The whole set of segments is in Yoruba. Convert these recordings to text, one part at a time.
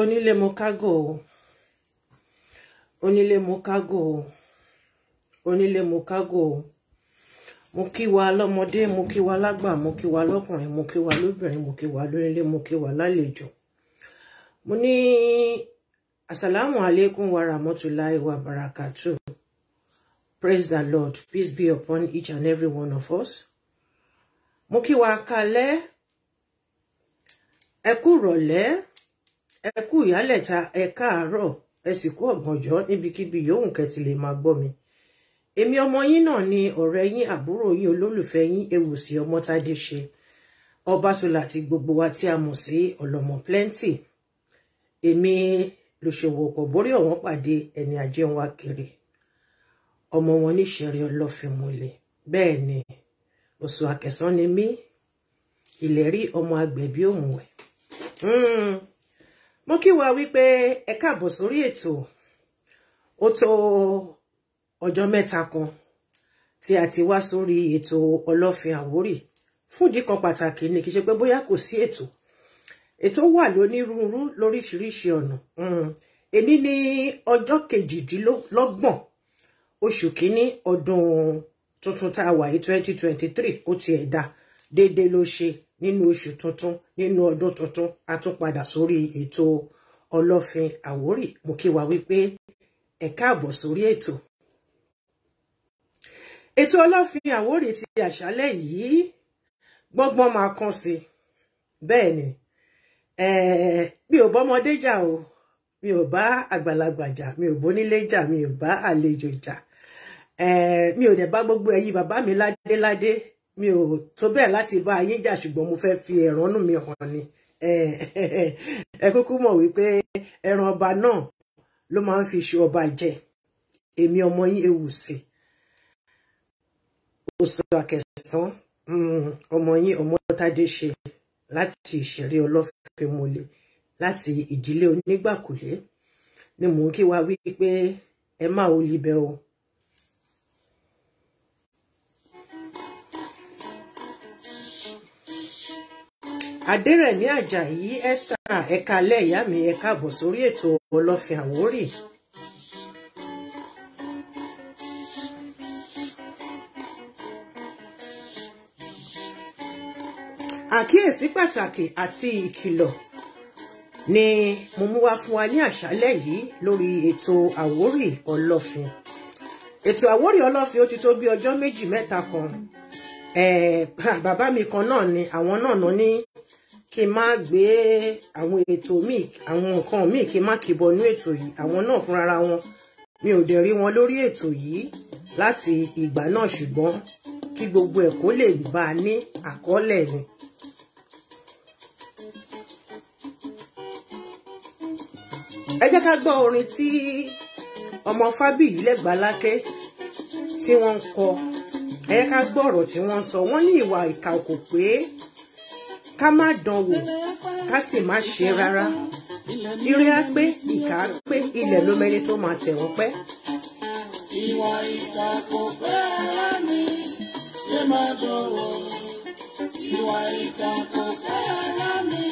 onílé mo kágò o onílé mo kágò o onílé mo kágò o mo kí wa lọ́mọdé mo kí wa lágbà mo kí wa lọ́kùnrin mo kí wa lóbìnrin mo kí wa lónílé mo kí wa lálejò mo ní asàlámù alaikum wa rahmatulahi wa barakatu praise the lord peace be upon each and every one of us mo kí wa kalẹ̀ ẹ kú rọ̀lẹ́ ẹ kú ìyálẹ̀ta ẹ káàárọ̀ ẹ sì kú ọ̀gànjọ́ níbikíbi yòówù kẹ́tì lè máa gbọ́ mi èmi ọmọ yín náà ni ọ̀rẹ́ yín àbúrò yín olólùfẹ́ yín Ewùsì Ọmọ́tádé ṣe Ọbátọ́lá ti gbogbo wa tí a mọ̀ sí Ọlọ́mọ Plenty èmi lòṣòwò ọ̀pọ̀ borí ọ̀wọ́n pàdé ẹni ajé wa kiri ọmọ wọn níṣẹ̀rí ọlọ́fimúlẹ̀ bẹ́ẹ̀ ni oṣù àkẹsán ni mí ìlérí ọmọ agbẹ̀bí òmùwẹ̀. Hmm mo kí wa wípé ẹ káàbọ̀ sórí ètò ó tó ọjọ́ mẹ́ta kan tí a ti wá sórí ètò ọlọ́fin àwórì fúndì kan pàtàkì ni kì í ṣe pé bóyá kò sí ètò ètò wà lónírúurú lóríṣiríṣi ọ̀nà hmm. èmi ni ọjọ́ kejìdínlọ́gbọ̀n oṣù kínní ọdún tuntun tá a wà yìí twenty twenty three ó tiẹ̀ dá déédéé ló ṣe nínú oṣù tuntun nínú ọdún tuntun a tún padà sórí ètò ọlọ́fin àwórì mo kí wa wípé ẹ káàbọ̀ sórí ètò ètò ọlọ́fin àwórì ti àṣálẹ́ yìí gbọ́ngbọ́n máa kàn sí bẹ́ẹ̀ ni mi ò bọ́mọdé jà o mi ò bá àgbàlagbà jà mi ò bónílé jà mi ò bá àlejò jà mi ò dẹ̀ bá gbogbo ẹ̀yin bàbá mi ládéládé mi ò tó bẹ́ẹ̀ láti bá yín jà ṣùgbọ́n mo fẹ́ fi ẹ̀rọ́nù mi hàn ni ẹ kúkú mọ̀ wípé ẹran ọba náà ló máa ń fi ṣe ọba jẹ èmi ọmọ yín Ewusi oṣù àkẹsàn hmm, ọmọ yín Ọmọ́tádé ṣe láti ìṣẹ̀rí Ọlọ́fẹ́mọlẹ̀ láti ìdílé onígbàkulé ni mò ń kí wa wípé ẹ máa ò libẹ o. adẹrẹmí ajayi esther ẹkalẹ ìyá mi ẹ káàbọ̀ sórí ètò ọlọfin àwórì àkíyèsí pàtàkì àti ìkìlọ̀ ni mo mú wá fún wa ní àṣálẹ́ yìí lórí ètò àwórì ọlọ́fin ètò àwórì ọlọ́fin ó ti tó bí ọjọ́ méjì mẹ́ta kan bàbá mi kan náà ni àwọn náà náà ní kí n má gbé àwọn ètò míì àwọn nǹkan míì kí n má kì bọnú ètò yìí àwọn náà fúnra wọn mi ò dẹ̀ rí wọn lórí ètò yìí láti ìgbà náà ṣùgbọ́n kí gbogbo ẹ̀ kó lè bá a ní àkọọ́lẹ̀ ni. ẹ jẹ́ ká gbọ́ orin tí ọmọ Fábíyì Lẹ́gbàlákẹ́ tí wọ́n ń kọ ẹ jẹ́ ká gbọ́ ọ̀rọ̀ tí wọ́n ń sọ wọ́n ní ìwà ìkà kò pé ká má dán wò ká sì má ṣe rárá ire á pé ìkà á pé ilẹ̀ ló mẹ́ni tó máa tẹ̀ wọ́n pẹ́. ìwà ìkà kò pẹ́ rání yé máa dọ̀wọ́ ìwà ìkà kò pẹ́ rání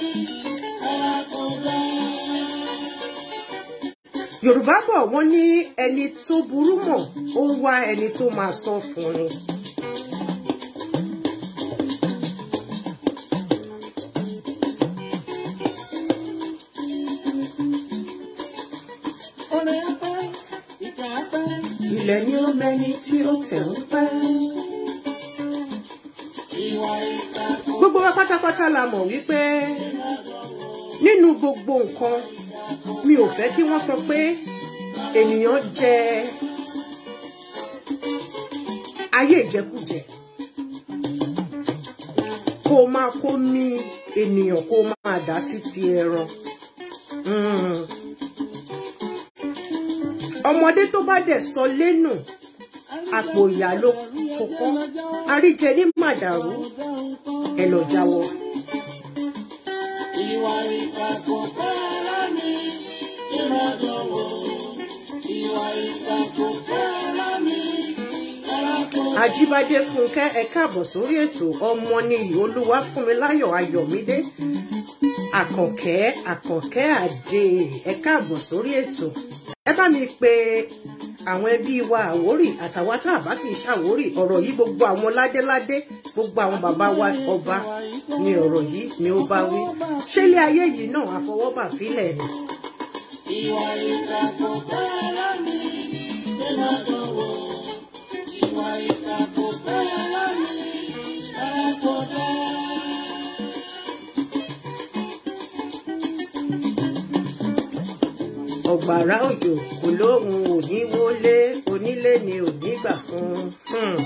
ẹ̀rá kò pẹ́. Yorùbá bọ̀ wọ́n ní ẹni tó burú mọ̀ ó wá ẹni tó máa sọ fún ni. ilẹ̀ ni ó mẹni tí ó tẹ̀ ń pẹ́. gbogbo wa pátápátá la mọ̀ wípé nínú gbogbo nǹkan mi ò fẹ́ kí wọ́n sọ pé ènìyàn jẹ ayé ìjẹkújẹ kó máa kó mi ènìyàn kó máa dá sí ti ẹran. Hmm ọmọdé tó bá dẹ̀ sọ lẹ́nu àpò ìyá ló fọkọ́ àríjẹ ní màdàrú ẹ lọ jáwọ́. ìwà ìkà kò pẹ́ lónìí ìrọ̀lọ́wọ́ ìwà ìkà kò pẹ́ lónìí ajíbádé fúnkẹ́ ẹ káàbọ̀ sórí ètò ọmọ ni olúwa fún mi láyọ̀ ayọ̀mídé àkànkẹ́ àkànkẹ́ àdé ẹ káàbọ̀ sórí ètò ẹ bá mi pe àwọn ẹbí wa àwórì àtàwọn tá a bá kì í ṣàwórì ọ̀rọ̀ yìí gbogbo àwọn ládéládé gbogbo àwọn bàbá wa ọba ni ọ̀rọ̀ yìí ni ó bá wí ṣélé ayé yìí náà àfọwọ́bà fílẹ̀ ni. ìwà ìta kò bẹ́ẹ̀ lọ́nìí ló máa dánwò ìwà ìta kò bẹ́ẹ̀. ọ̀gbàrá òjò kò lóhun òní wọlé onílé ni òní gbà fún un. Hmm.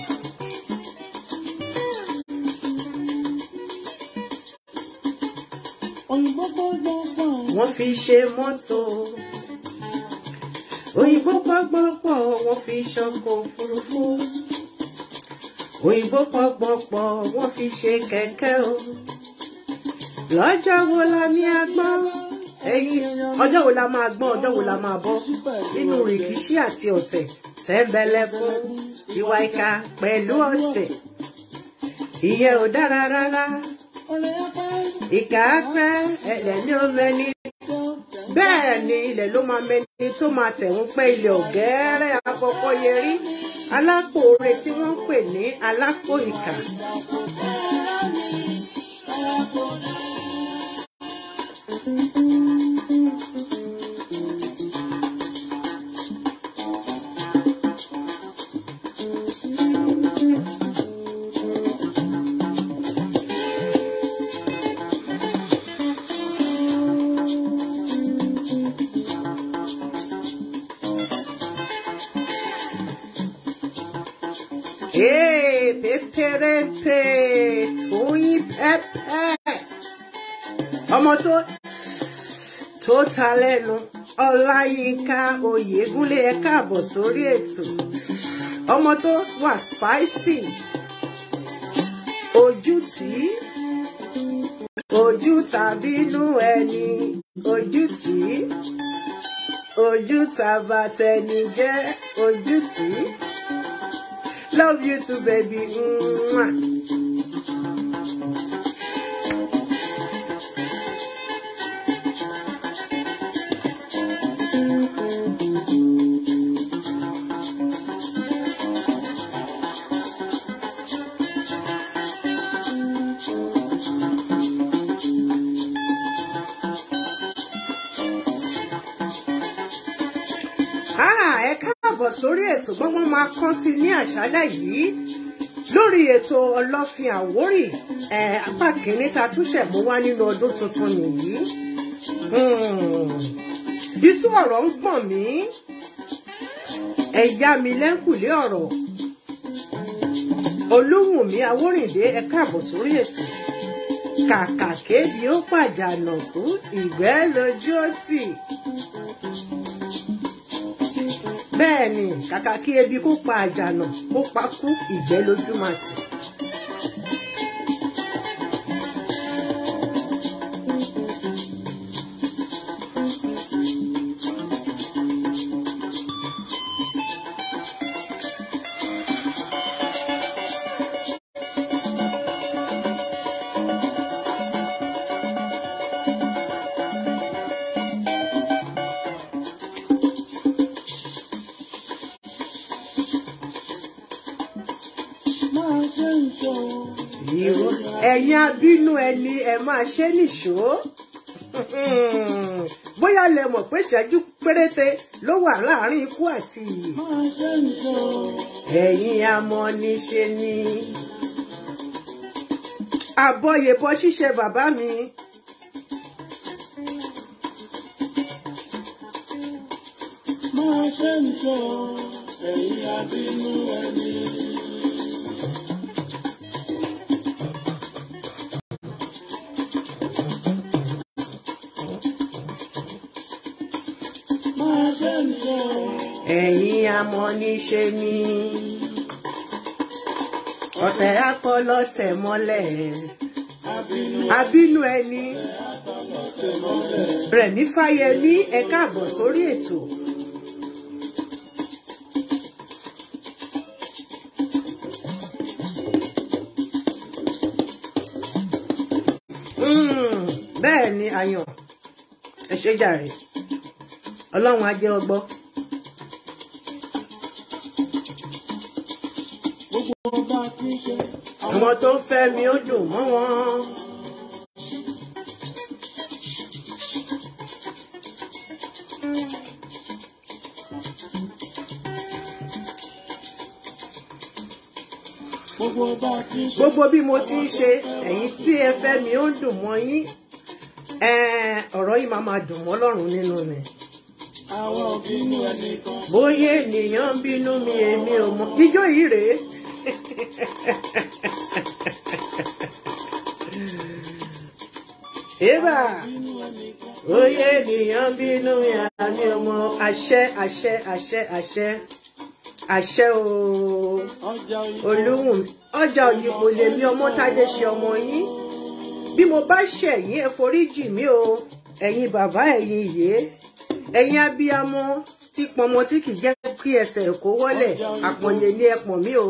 òyìnbó gbọ́gbọ́gbọ́. wọ́n fi ṣe mọ́tò. òyìnbó gbọ́gbọ́gbọ́ wọ́n fi ṣọkọ̀ òfurufú. òyìnbó gbọ́gbọ́gbọ́ wọ́n fi ṣe kẹ̀kẹ́ o. lọ́jọ́ wo la ní agbọ́n ẹ̀yin ọjọ́ wo la máa gbọ́n ọjọ́ wo la máa bọ́ nínú rìkíṣí àti ọ̀tẹ̀ tẹ́ńbẹ́lẹ́ fún ìwà ìka pẹ̀lú ọ̀tẹ̀ ìyẹn ò dára rárá ìkà pẹ́ ẹ̀lẹ́ ní omi ẹni bẹ́ẹ̀ ni ilẹ̀ ló máa mẹni tó máa tẹ̀wọ́n pẹ́ ilẹ̀ ọ̀gẹ́rẹ́ àkọ́kọ́ yẹrí alápò tí wọ́n ń pè ní alápò ìkà. lẹ́nu ọláyínká oyègúnlé ẹ káàbọ̀ sórí ètò ọmọ tó wà spicy ojú tí ojú tàbínú ẹni ojú tí ojú tàbàtẹni jẹ́ ojú tí love you too baby. Mwah. wa kàn sí ní àṣálẹ́ yìí lórí ètò ọlọ́fin àwórì apá kìíní ta túnṣẹ̀ mú wá nínú ọdún tuntun nìyí bísú hmm. ọ̀rọ̀ ń gbọ̀n mí ẹ̀yà mi lẹ́ńkùlé ọ̀rọ̀ olúwùnmí awórìndé ẹ káàbọ̀ sórí ètò kàkà kébi ó pàjánà ìgbẹ́ lójú ó tì. bẹ́ẹ̀ ni kàkà kí ebi kó pa àjànà kó pa kú ìgbẹ́ lójúmọ́ àti. bínú ẹni ẹ máa ṣe nìṣó bóyá lẹ mọ̀ pé ìṣẹ́jú péréte ló wà láàrin ikú àti ìyè ẹ̀yin amọ̀niṣe ni àbọ̀yèbọ̀ ṣíṣe bàbá mi. máa ṣe nìṣó ẹ̀yin àbínú ẹni. ẹ̀yìn ẹ̀yin amọ́niṣe ni ọ̀tẹ̀ apọlọ tẹ̀ mọ́lẹ̀ abínú ẹni Rẹ̀mí Fáyẹmí ẹ àbọ̀ sórí ètò. Hmm, bẹ́ẹ̀ ni ayọ̀ ẹ ṣe jàre ọlọ́run á ọgbọ́n. àwọn tó ń fẹ́ mi ó dùn mọ́ wọn. gbogbo bí mo ti ń ṣe ẹ̀yin tí ẹ fẹ́ mi ó ń dùn mọ́ yín ọ̀rọ̀ yìí máa máa dùn mọ́ lọ́rùn nínú ni. bóyá ènìyàn bínú mi èmi ò mọ̀ ijó yìí rèé. Eba oyè ènìyàn bínú àmì ọmọ àṣẹ àṣẹ àṣẹ àṣẹ àṣẹ ooo olúhùn ọjà òyìnbó lèmi ọmọ tádé ṣe ọmọ yín bí mo bá ṣẹ̀yìn ẹ foríjì mí o ẹ̀yin bàbá ẹ̀yin ìyé ẹ̀yin abiyamọ tí pọnmọ tí kì í jẹ́ kí ẹsẹ̀ kó wọlẹ̀ àpọ̀nyẹ̀ ni ẹ pọ̀n mí o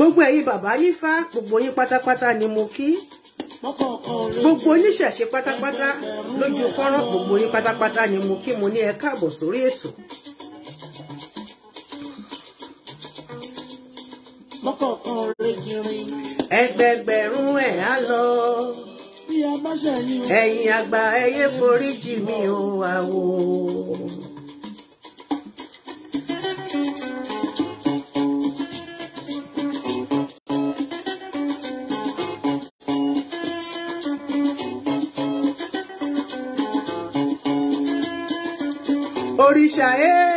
gbogbo ẹ̀yin bàbá nífà gbogbo yín pátápátá ni mo kí gbogbo oníṣẹ̀ṣe pátápátá lójú fọ́nrán gbogbo yín pátápátá ni mo kí mo ní ẹ káàbọ̀ sórí ètò. ẹgbẹgbẹ̀rún ẹ̀ á lọ ẹ̀yin àgbà ẹyẹ foríjì mi ò wá wò. 下耶。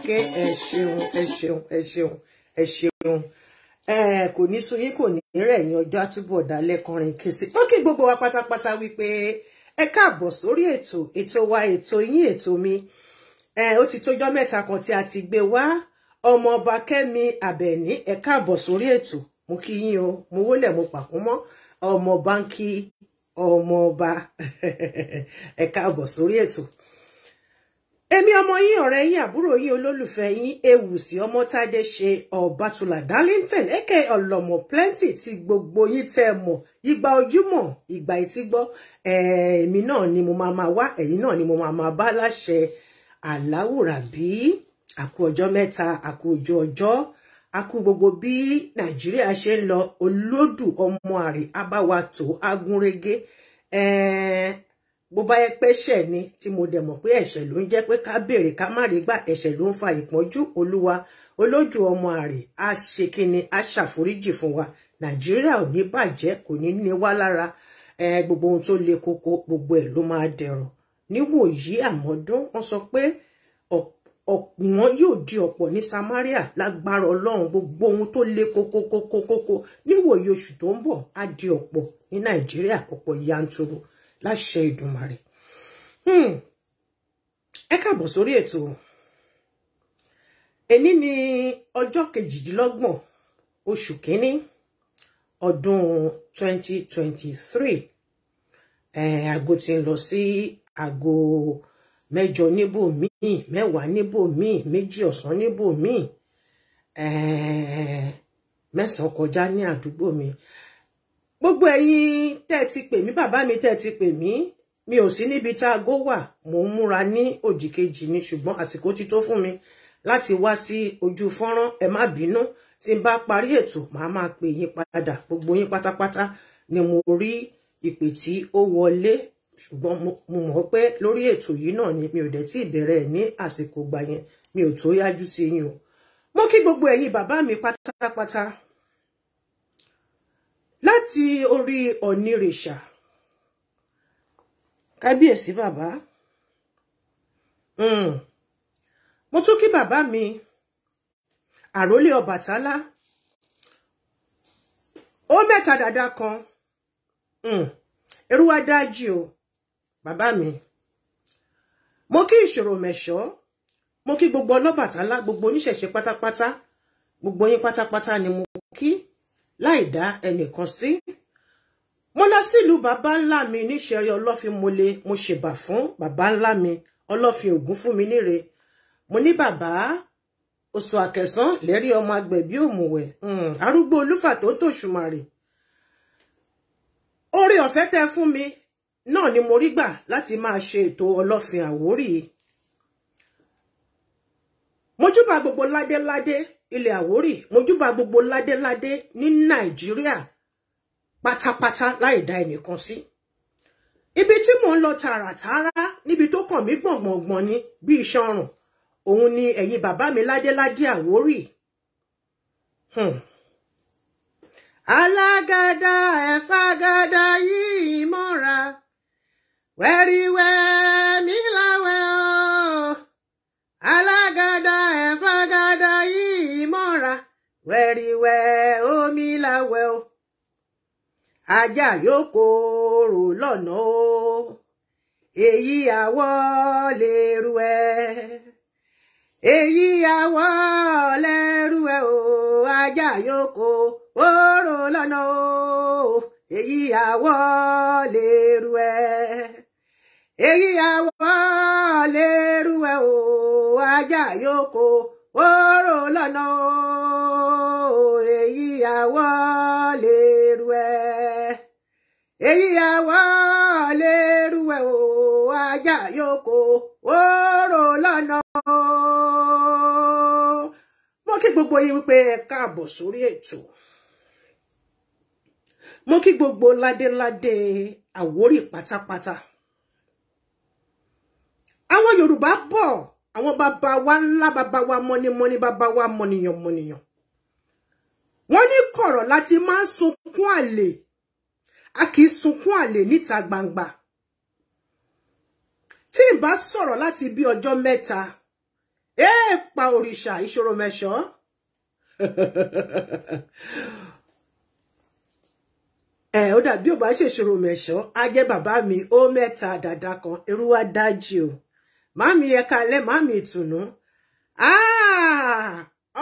àṣàkẹ́ ẹ ṣeun ẹ ṣeun ẹ ṣeun ẹ ṣeun kò ní sú yín kò ní rẹ̀ yín ọjọ́ àtúbọ̀ dálẹ́ kọrin kìsì ó kí gbogbo wa pátápátá wípé ẹ káàbọ̀ sórí ètò ètò wa ètò yín ètò mi ó ti tójọ́ mẹ́ta kan tí a ti gbé wá ọmọọba Kẹ́mi Àbẹ̀ní ẹ káàbọ̀ sórí ètò mo kí yín o mo wólẹ̀ mo pàkún mọ́ ọmọ báńkì ọmọọba ẹ káàbọ̀ sórí ètò èmi ọmọ yín ọ̀rẹ́ yín àbúrò yín olólùfẹ́ yín Ewùsì Ọmọ́tádé ṣe Ọ̀bátúlà Darlington eke ọ̀lọ́mọ plenty tí gbogbo yín tẹ́ mọ̀ ìgbà ojúmọ́ ìgbà ìtígbọ́ èmi náà ni mo máa máa wá ẹ̀yin ni mo máa máa bá láṣẹ Aláwùrábí àkú ọjọ́ mẹ́ta àkú ojú ọjọ́ àkú gbogbo bí Nàìjíríà ṣe ń lọ olódù ọmọ àrè abáwàtò agúnrégé bó bá yẹ pé ṣẹ̀ ni tí mo dẹ̀ mọ̀ pé ẹ̀ṣẹ̀ ló ń jẹ́ pé ká béèrè ká má rí gbà ẹ̀ṣẹ̀ ló ń fa ìpọ́njú olúwa olójú ọmọ àrè á ṣe kíni á ṣàforíjì fún wa nàìjíríà ò ní bàjẹ́ kò ní ní wá lára gbogbo ohun tó le koko gbogbo ẹ̀ ló máa dẹ̀rọ̀ níwòyí àmọ́dún wọ́n sọ pé wọn yóò di ọ̀pọ̀ ní samaria lágbára ọlọ́run gbogbo ohun tó le kokokokokoko níwòye oṣù tó ń bọ̀ á di ọ̀pọ̀ ní nàìjíríà ọ̀pọ̀ yanturu láṣẹ ìdùnmàrè hmm. ẹ káàbọ̀ sórí ètò èní ni ọjọ́ kejìdínlọ́gbọ̀n oṣù kínní ọdún 2023 aago ti ń lọ sí aago mẹ́jọ níbò míì mẹ́wàá níbò míì méjì ọ̀sán níbò míì mẹ́sàn-án kọjá ní àdúgbò mi gbogbo ẹ̀yin tẹ́ ti pè mí bàbá mi tẹ́ ti pè mí mi ò sí níbi tá aago wà mò ń múra ní òjìkejì ni ṣùgbọ́n àsìkò ti tó fún mi láti wá sí ojú fọ́nrán ẹ má bínú tí n bá parí ètò màá máa pè yín padà gbogbo yín pátápátá ni mo rí ìpè tí ó wọlé ṣùgbọ́n mo mọ̀ pé lórí ètò yìí náà ni mi ò dẹ̀ tí ìbẹ̀rẹ̀ ní àsìkò gbà yẹn mi ò tó yájú sí yín o mo kí gbogbo ẹ̀yin bàbá mi pátápátá láti orí onírèṣà kábíyèsí bàbá hmm. mo tún kí bàbá mi àrólé ọbàtálá ó mẹ́ta dàda kan eruwa hmm. dájí o bàbá mi mo kí ìṣòro mẹ̀ṣọ́ mo kí gbogbo ọlọ́bàtálá gbogbo oníṣẹ̀ṣe pátápátá gbogbo yín pátápátá ni mo kí láì dá ẹnìkan sí mo lọ sílùú bàbá ńlá mi níṣẹrí ọlọ́fin mole mo ṣèbà fún bàbá ńlá mi ọlọ́fin ògún fún mi níre mo ní bàbá oṣù àkẹsán lẹ́rí ọmọ agbẹ̀bí òmùwẹ̀ hmm, arúgbó olúfà tó tòṣùmàrè oore ọ̀fẹ́ tẹ́ fún mi náà ni mo rí gbà láti máa ṣe ètò ọlọ́fin àwórì mojúbà gbogbo ládéládé ilẹ̀ Àwórì mojúbà gbogbo ládéládé ní Nàìjíríà pátápátá láì dá ẹnìkan sí ibi tí mò ń lọ tààràtààrà níbi tó kàn mí gbọ̀ngbọ̀ngbọ̀n ni bí iṣan ọrùn òun ni ẹ̀yin bàbá mi ládéládé Àwórì hmm. alágàdá ẹ̀fàgàdá yìí mọ́ra wẹ́ríwẹ́ mi láwẹ́ o alágàdá. àríwẹ̀ omi láwẹ̀ o ajá yóò kóró lọ́nà o èyí àwọ̀ lérú ẹ èyí àwọ̀ lérú ẹ o ajá yóò kóró lọ́nà o èyí àwọ̀ lérú ẹ èyí àwọ̀ lérú ẹ o ajá yóò kóró lọ́nà o àwọ̀ lè rú ẹ èyí àwọ̀ lè rú ẹ o ajá yòókò òòrò lọ́nà mo kí gbogbo yín wípé ẹ káàbọ̀ sórí ètò mo kí gbogbo ládéládé àwórì pátápátá àwọn yorùbá bọ̀ àwọn bàbá wa ńlá bàbá wa mọ́nímọ́ní bàbá wa mọ́níyàn mọ́níyàn wọ́n ní kọ̀rọ̀ láti máa ń sunkún àlè a kì í sunkún àlè níta gbangba tí n bá sọ̀rọ̀ láti bí ọjọ́ mẹ́ta ee pa òrìṣà ìṣòro mẹ́ṣọ́ ẹ ó dàbí ò bá ṣèṣòro mẹ́ṣọ́ á jẹ́ bàbá mi ó mẹ́ta dàda kan irú wa dájú o màmí ẹ̀ka alẹ́ màmí ìtùnú ah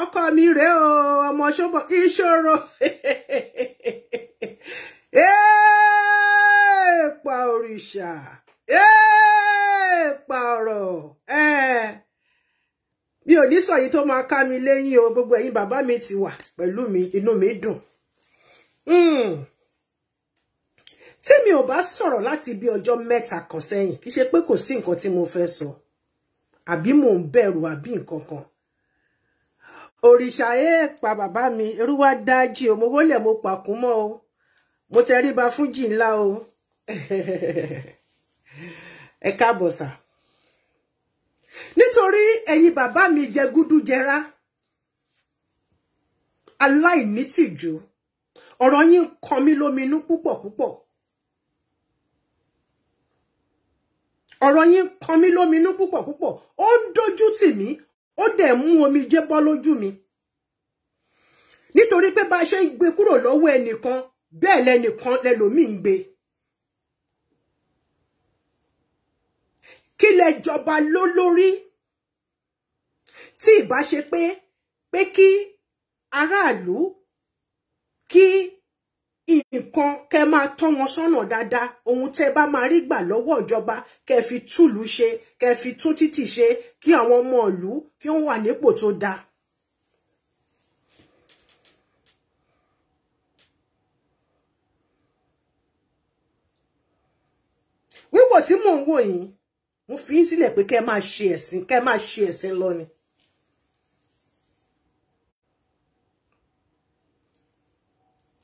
ọkọ mi rèé o ọmọ ṣọ́bọ̀ ìṣòro èèpà òrìṣà èèpà ọ̀rọ̀ mi ò ní sọ̀yí tó máa ká mi lẹ́yìn o gbogbo ẹ̀yin bàbá mi ti wà pẹ̀lú mi inú mi dùn hmm. tí mi ò bá sọ̀rọ̀ láti bí ọjọ́ mẹ́ta kan sẹ́yìn kì í ṣe pé kò sí nǹkan tí mo fẹ́ sọ àbí mò ń bẹ̀rù àbí nǹkan kan òrìṣà ẹ pa bàbá mi irúwá dájí o mo wọlé mo pàkún mọ́ o mo tẹríba fún jì ńlá o ẹ káàbọ̀ sà nítorí ẹ̀yin bàbá mi jẹ gúdú jẹra aláìnítìjú ọ̀rọ̀ yín kan mí lóminú púpọ̀ púpọ̀ ọ̀rọ̀ yín kan mí lóminú púpọ̀ púpọ̀ ó ń dojú tì mí ó dẹ̀ mú omi jẹ́ bọ́ lójú mi nítorí pé bá a ṣe ń gbé kúrò lọ́wọ́ ẹnìkan bẹ́ẹ̀ lẹnìkan lẹlòmíì ń gbé kí lẹ jọba ló lórí tí ìbá ṣe pé pé kí aráàlú kí nǹkan kẹ máa tọ́ wọn sọ́nà dáadáa ohun tẹ bá máa rí gbà lọ́wọ́ ìjọba kẹ fi túlù ṣe kẹ fi tún títì ṣe kí àwọn ọmọ ìlú kí wọ́n wà nípò tó dáa wíwò tí mò ń wò yìí mo fi í sílẹ̀ pé kẹ́ máa ṣe ẹ̀sìn kẹ́ máa ṣe ẹ̀sìn lọ ni.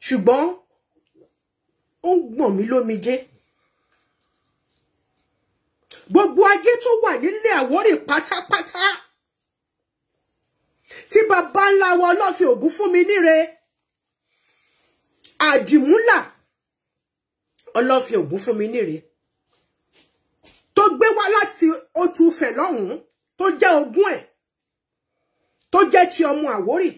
ṣùgbọ́n ó ń gbọ̀n mí lómijé gbogbo ajé tó wà nílé Àwórì pátápátá tí bàbá ńlá wa ọlọ́fin ògún fún mi níre àdìmúlà ọlọ́fin ògún fún mi níre tó gbé wá láti otu fẹ̀ lọ́hùn-ún tó jẹ́ ogún ẹ̀ tó jẹ́ ti ọmọ Àwórì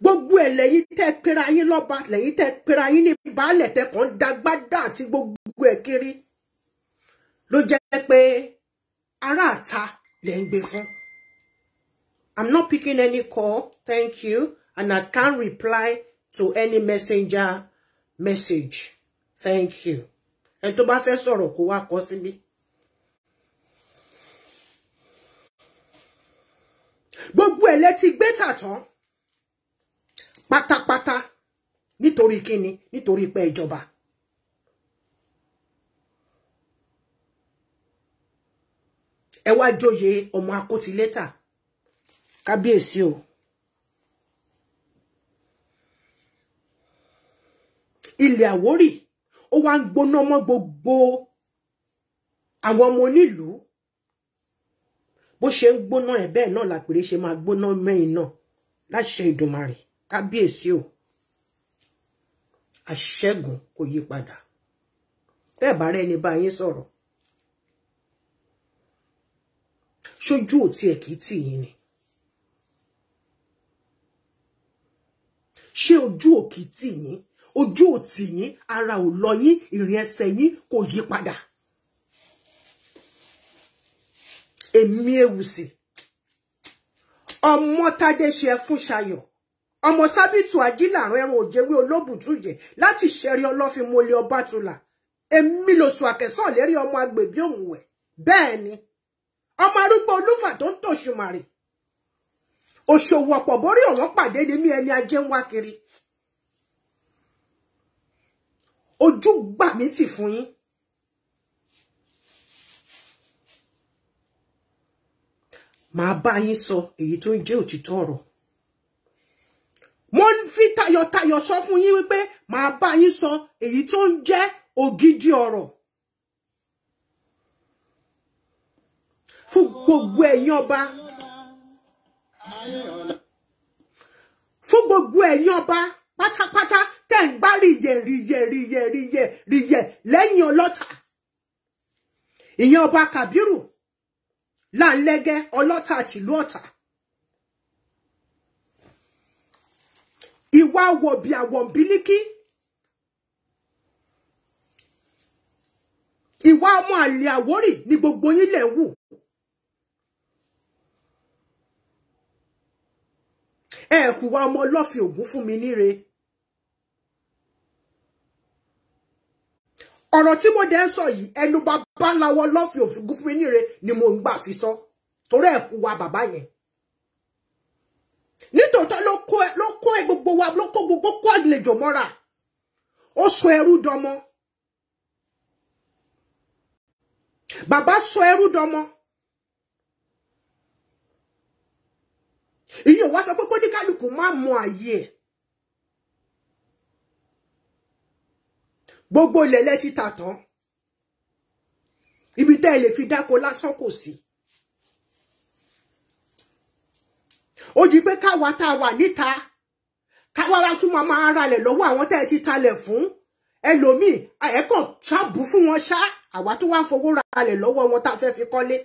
gbogbo ẹ̀ lẹ́yìn tẹ́ pera yín lọ́ba lẹ́yìn tẹ́ pera yín ní baálẹ̀ tẹ́ kàn dágbádá àti gbogbo ẹ̀ kiri ló jẹ́ pé ará àta lè ń gbé I'm not picking any call, thank you, and I can't reply to any messenger message, thank you. Ẹni tó bá fẹ́ sọ̀rọ̀ kó wá kọ síbí. Gbogbo ẹ̀ lẹ ti gbé tà tán pátápátá nítorí kíni nítorí pé E ẹ wá joyè ọmọ akóti lẹ́tà kábíyèsí o ilẹ̀ Àwórì ó wá ń gbóná mọ́ gbogbo àwọn ọmọ onílùú bó ṣe ń gbóná ẹ̀ bẹ́ẹ̀ náà làpèrè ṣe máa gbóná mẹ́yìn náà láṣẹ Ìdùmarè kábíyèsí o àṣẹ́gun kò yí padà tẹ́ẹ̀ bá rẹ́ni bá yín sọ̀rọ̀ ṣojú òtí ẹ̀ kìí tì yín ni ṣé ojú òkì tì yín ojú òtì yín ara ò lọ yín ìrìn ẹsẹ̀ yín kò yí padà èmi Ewùsì ọmọ Tádéṣe fún Ṣayọ̀ ọmọ Sábìtù Ajílàrún ẹran òjèwé olóbùtújẹ láti ṣẹrí ọlọ́fin mọlẹ ọbátúlà èmi lòsùn àkẹsàn lérí ọmọ agbègbè òun wẹ bẹ́ẹ̀ ni ọmọ arúgbó olúfà tó ń tòṣùmàrè òṣòwò ọ̀pọ̀ borí ọ̀wọ́n pàdé ni mí ẹni ajé ń wá kiri ojú gbà mí tì fún yín màá bá yín sọ èyí tó ń jẹ́ òtítọ́ ọ̀rọ̀ mo ń fi tayọ̀tayọ̀ sọ fún yín wípé màá bá yín sọ èyí tó ń jẹ́ ògidì ọ̀rọ̀. fún gbogbo ẹ̀yin ọba fún gbogbo ẹ̀yin ọba pátápátá tẹ̀ ń gbá rìyẹ̀ rìyẹ̀ rìyẹ̀ rìyẹ̀ rìyẹ̀ lẹ́yìn ọlọ́ta ìyẹn ọba Kàbírù láńlẹ́gẹ́ ọlọ́tà tìlú ọ̀tà ìwà wọ̀bì àwọ̀nbílíkì ìwà ọmọ àlè Àwórì ni gbogbo yín lẹ̀ wù ẹ wa ọmọ ọlọ́fin ògún fún mi níre. ọ̀rọ̀ tí mo dẹ́ ń sọ yìí ẹnu bàbá lawọ ọlọ́fin ògún fún mi níre ni mo ń gbà sísọ torí ẹ wa bàbá yẹn. nítòótọ́ ló kó gbogbo wa ló kó gbogbo kó àlejò mọ́ra ó sọ ẹrú dọmọ bàbá sọ ẹrú dọmọ. kò má mọ àyè ẹ̀ gbogbo ilẹ̀ lẹ́ ti tà tán ibi tẹ́ ẹ lè fi dáko lásán kò sí ó di pé káwa tá a wà níta káwa wa tún máa máa ralẹ̀ lọ́wọ́ àwọn tẹ́ ẹ ti talẹ̀ fún ẹlòmíì ẹ̀kọ́ ṣáàbù fún wọn ṣá àwa tó wá ń fowó ralẹ̀ lọ́wọ́ wọn tá a fẹ́ fi kọ́lé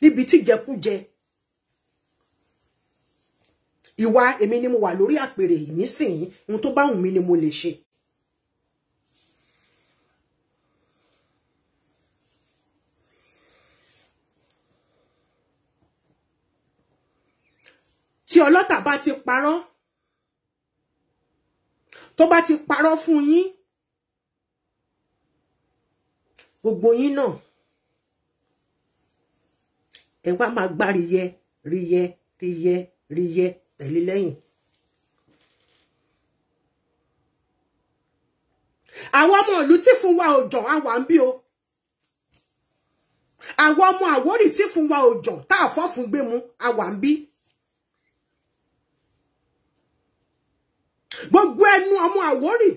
níbi tí jẹkújẹ. Iwa èmi ni mo wà lórí àpèrè nísìnyí ohun tó bá wù mí ni mo lè ṣe. tí ọlọ́tà bá ti parọ́ tó bá ti parọ́ fún yín gbogbo yín náà ẹ wá máa gbá riyẹ riyẹ riyẹ tẹ̀lé lẹ́yìn. àwọn ọmọ ìlú tí fún wa òjò àwa ń bí o àwọn ọmọ àwórì tí fún wa òjò tá a fọ́ fún gbé mu àwa ń bí. gbogbo ẹnu ọmọ àwórì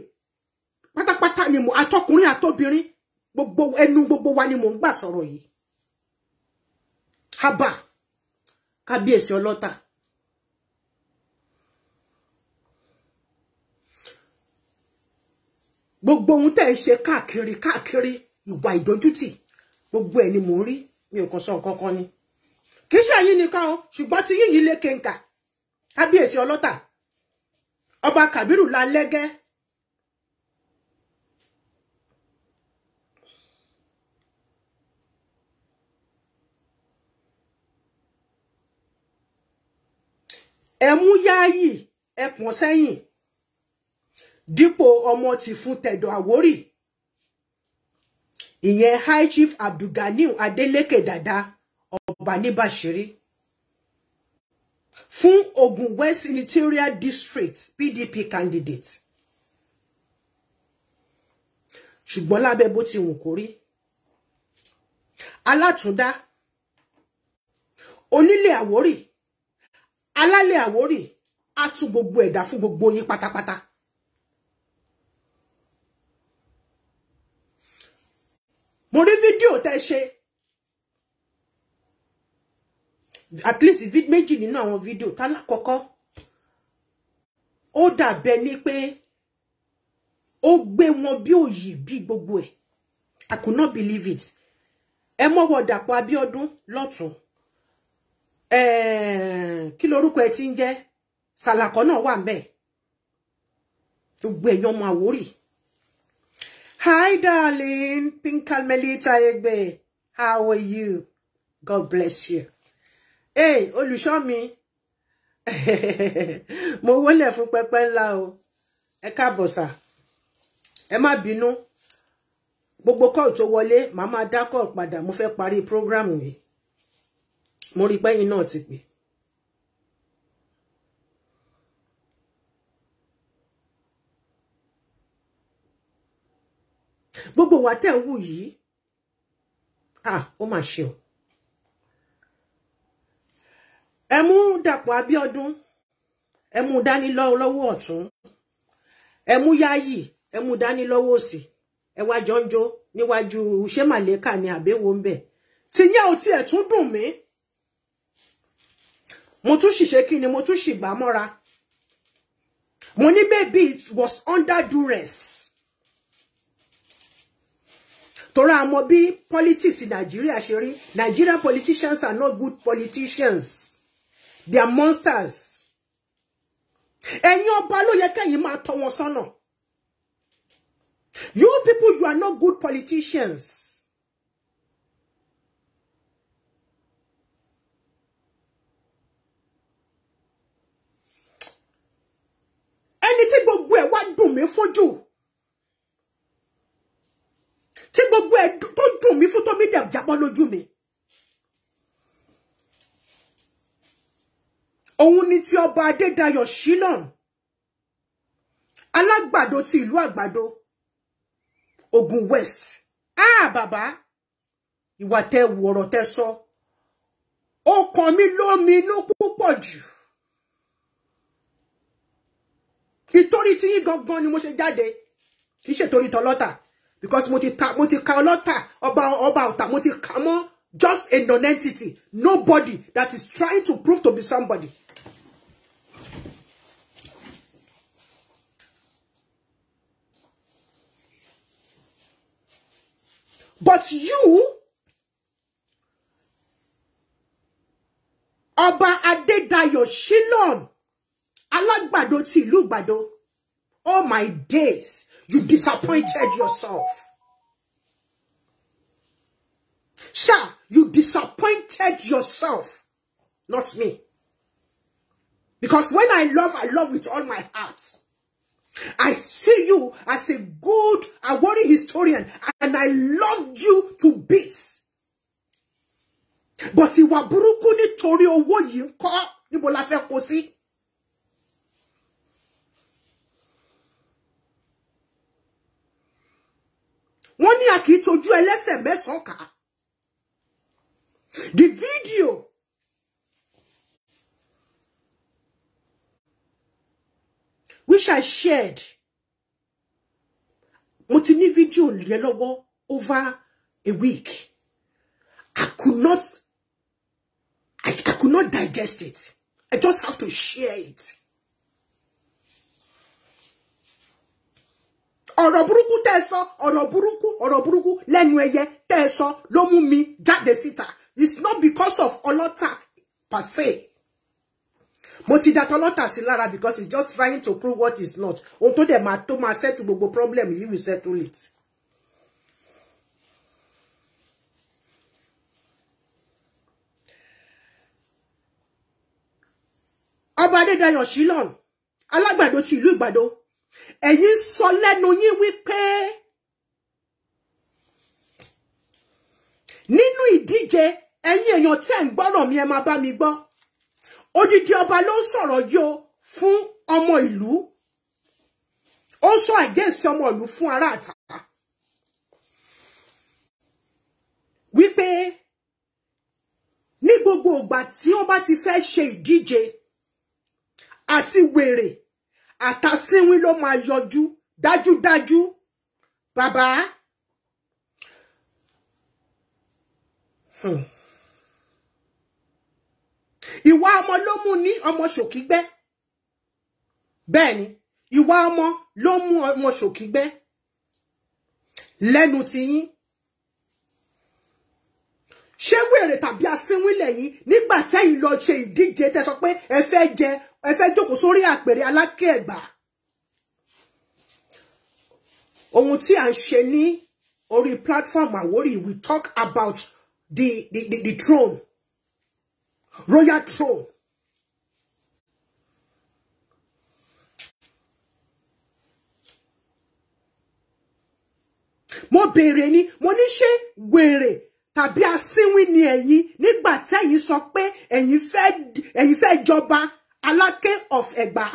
pátápátá ni mo àtọkùnrin àtobìnrin gbogbo ẹnu gbogbo wa ni mo ń gbà sọ̀rọ̀ yìí. haba kábíyèsí ọlọ́ta. gbogbo ohun tẹ́ ẹ ṣe káàkiri káàkiri ìwà ìdójútì gbogbo ẹ̀ ni mò ń rí mi ò kàn sọ nǹkan kan ni kì í ṣe yín nìkan o ṣùgbọ́n ti yín yìí lé kẹǹkà kábíyèsí ọlọ́tà ọba kàbírù lálẹ́gẹ́ ẹ mú yááyì ẹ pọ̀n sẹ́yìn dípò ọmọ ti fún tẹ̀dó àwórì ìyẹn high chief abdulganiu adeleke dada ọba níbàṣírí fún Ogun West senatorial district PDP candidate ṣùgbọ́n lábẹ́ bó ti wù kó rí alátúndá onílé àwórì alálẹ̀ àwórì á tún gbogbo ẹ̀dá fún gbogbo yín pátápátá. mo rí fídíò tẹ́ ṣe at least méjì nínú àwọn fídíò tálákọ́kọ́ ó dàbẹ coco. pé ó gbé wọn bí òyì bí big ẹ̀ I could not believe it ẹ mọ́wọ́ Dàpọ̀ Abíọ́dún lọ́tún kí lorúkọ ẹ ti ń jẹ́ sàlàkọ́ náà wà ń bẹ̀ gbogbo ẹ̀yàn ọmọ Hi, darling. Pink Carmelita Egbe. How are you? God bless you. Hey, show me. Mo wole fún pẹpẹ ńlá o. Ẹ káàbọ̀ sà. Ẹ má bínú. Gbogbo call tó wọlé, màá máa dá call Mo fẹ́ parí program yìí. Mo rí pé yín náà ti pè. gbogbo wa tẹ̀ wù yìí ah ó mà ṣe o ẹ mú Dàpọ̀ Abíọ́dún ẹ mú dání lọ́wọ́ ọ̀tún ẹ mú Yáyì ẹ mú dání lọ́wọ́ òsì ẹ wá jọ níwájú ṣé màlẹ́kà ni àbẹ́wò ń bẹ̀ tìyẹn ò tiẹ̀ tún dùn mí mo tún ṣìṣe kí ni mo tún ṣìgbà mọ́ra mo ní maybe it was under duress torí a mọ bí politics Nàìjíríà ṣe rí Nigerian politicians are not good politicians they are monsters ẹ̀yin ọba ló yẹ kẹ́yìn máa tọ́ wọn sọ́nà you people you are not good politicians. Anything but where what do me for you? tí gbogbo ẹ̀ tó dùn mí fún tó mi dẹ̀ jábọ́ lójú mi. Òun ni ti ọba Adédayọ̀ Shylon alágbàdo ti ìlú àgbàdo Ogun West ah Baba. ìwà tẹ wù ọ̀rọ̀ tẹ sọ ó kàn mí lómi inú púpọ̀ jù ìtorí tí gangan ni mo se jade. kì í ṣe torí tọlọ́tà because mo ti ta mo ti ka ọlọ́tà ọba ọba ọ̀tà mo ti ka mọ́ just a non-entity nobody that is trying to prove to be somebody. But you, Ọba Adédayọ̀ Shilon, alágbàdo ti ìlú Ìgbàdo, oh all my days, You disappointed yourself. Sha, you disappointed yourself. Not me. Because when I love, I love with all my heart. I see you as a good, worthy historian, and I love you to bits. But ìwà burúkú nítorí owó yìí ń kọ́ níbo la fẹ́ wọ́n ní a kì í tojú ẹlẹ́sẹ̀ the video which I shared mo ti ní fídíò lé lọ́wọ́ over a week I could not I, I could not digest it I just have to share it. ọ̀rọ̀ burúkú tẹ́ ẹ sọ ọ̀rọ̀ burúkú ọ̀rọ̀ burúkú lẹ́nu ẹyẹ tẹ́ ẹ sọ ló mú mi jáde síta it's not because of ọlọ́tà per se mo ti da tọlọ́tà sí lára because he's just trying to prove what is not ohun tó dẹ̀ máa tó máa settle gbogbo problem he will settle it. ọba adédayọ̀ shilon alágbàdo ti ìlú ìgbàdo ẹ̀yin sọ lẹ́nu yín wípé nínú ìdíje ẹ̀yin èèyàn tẹ́ ń gbọ́rọ̀ mi ẹ máa bá mi gbọ́ odidi ọba ló ń sọ̀rọ̀ yo fún ọmọ ìlú ó sọ àgẹ́sí ọmọ ìlú fún ará àtàkà wípé ní gbogbo ìgbà tí wọ́n bá ti fẹ́ ṣe ìdíje àti wèrè àtàsínwín ló máa yọjú dájúdájú bàbá. Hmm. ìwà ọmọ ló mú ní ọmọ ṣòkígbẹ́ bẹ́ẹ̀ ni ìwà ọmọ ló mú ọmọ ṣòkígbẹ́ lẹ́nu tiyín ṣé wèrè tàbí asínwín lẹ́yìn nígbà tẹ́yìn lọ ṣe ìdíje tẹ́ sọ pé ẹ fẹ́ jẹ ẹ fẹ́ jókòó sórí àpèrè aláké ẹ̀gbà ohun tí à ń ṣe ní orí platform Àwórì we talk about the the the, the throne royal throne. mo béèrè ni mo ní ṣé wèrè tàbí asínwín ni ẹ̀yin nígbà tẹ́yin sọ pé ẹ̀yin fẹ́ ẹ̀yin fẹ́ joba." Aláké of Ẹ̀gbá.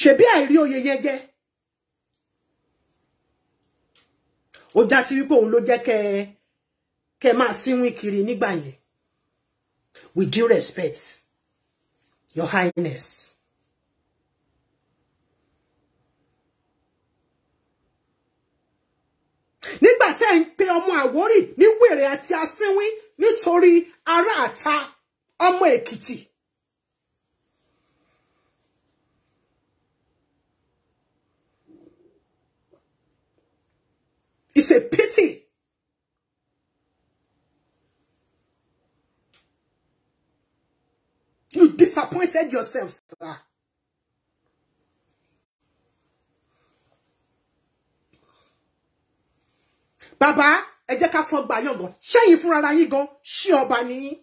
Ṣebí àìrí oyè yẹn jẹ́. Ó já sí wípé òun ló jẹ́ kẹ́ kẹ́ máa kiri nígbà yẹn. With due respect, Your Highness. nígbà tẹ́ ń pe ọmọ Àwórì ní wèrè àti asínwín nítorí ará àta ọmọ Èkìtì It's a pity. You disappointed yourself, sir. bàbá ẹ jẹ́ ká fọgbà yọ̀ngàn ṣẹ́yìn fúnra yín gan ṣí ọba nìyín.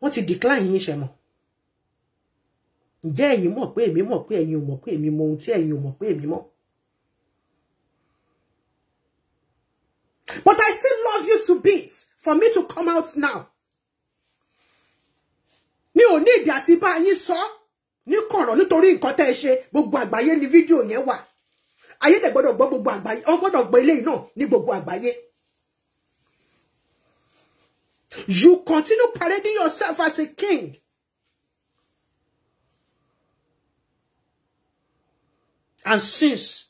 wọ́n ti decline yín ṣe mọ̀ ǹjẹ́ ẹ̀yin mọ̀ pé èmi mọ̀ pé ẹ̀yin ò mọ̀ pé èmi mọ̀ ohun tí ẹ̀yin ò mọ̀ pé èmi mọ̀. But I still love you to bits for me to come out now mi ò ní ìdí àti bá yín sọ ní kọ̀rọ̀ nítorí nǹkan tẹ́ ẹ ṣe gbogbo àgbáyé ni fídíò yẹn wà ayé dẹ̀ gbọ́dọ̀ gbọ́ gbogbo àgbáyé ọ gbọ́dọ̀ gbọ́ eléyìí náà ní gbogbo àgbáyé. You continue parading yourself as a king. And since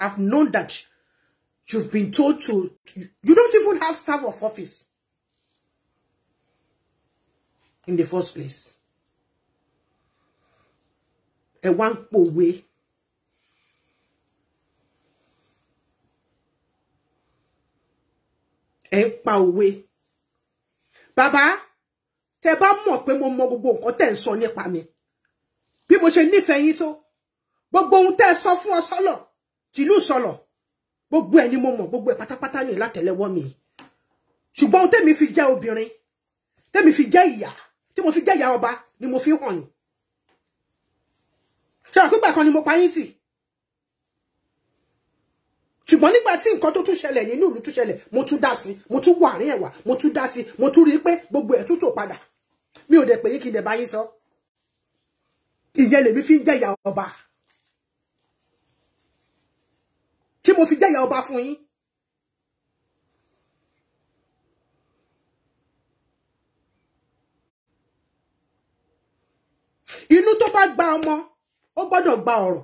I've known that you've been told to, you don't even have staff of office in the first place a one ń pòwe ẹ ń pa òwe bàbá tẹ bá mọ̀ pé mo mọ gbogbo nǹkan tẹ ń sọ nípa mi bí mo ṣe nífẹ̀ẹ́ yín tó gbogbo ohun tẹ sọ fún ọ sọlọ tìlú sọlọ gbogbo ẹ ni mo mọ̀ gbogbo ẹ pátápátá ní látẹ́lẹwọ́ mi ṣùgbọ́n ohun mi fi jẹ́ te mi fi jẹ́ ìyá tí mo fi jẹ́ ìyá ọba ni mo fi hàn yín ṣe àpégbà kan ni mo pa yín tì ṣùgbọ́n nígbà tí nǹkan tó tún ṣẹlẹ̀ nínú ìlú tún ṣẹlẹ̀ mo tún dá sí mo tún wà àárín ẹ̀wà mo tún dá sí mo tún rí pé gbogbo ẹ̀ tún tò padà mi ò dẹ̀ pè yín kí n bá yín sọ ìyẹn lèmi fi ń jẹ́ ọba tí mo fi jẹ́ ọba fún yín ọmọ ó gbọ́dọ̀ gba ọ̀rọ̀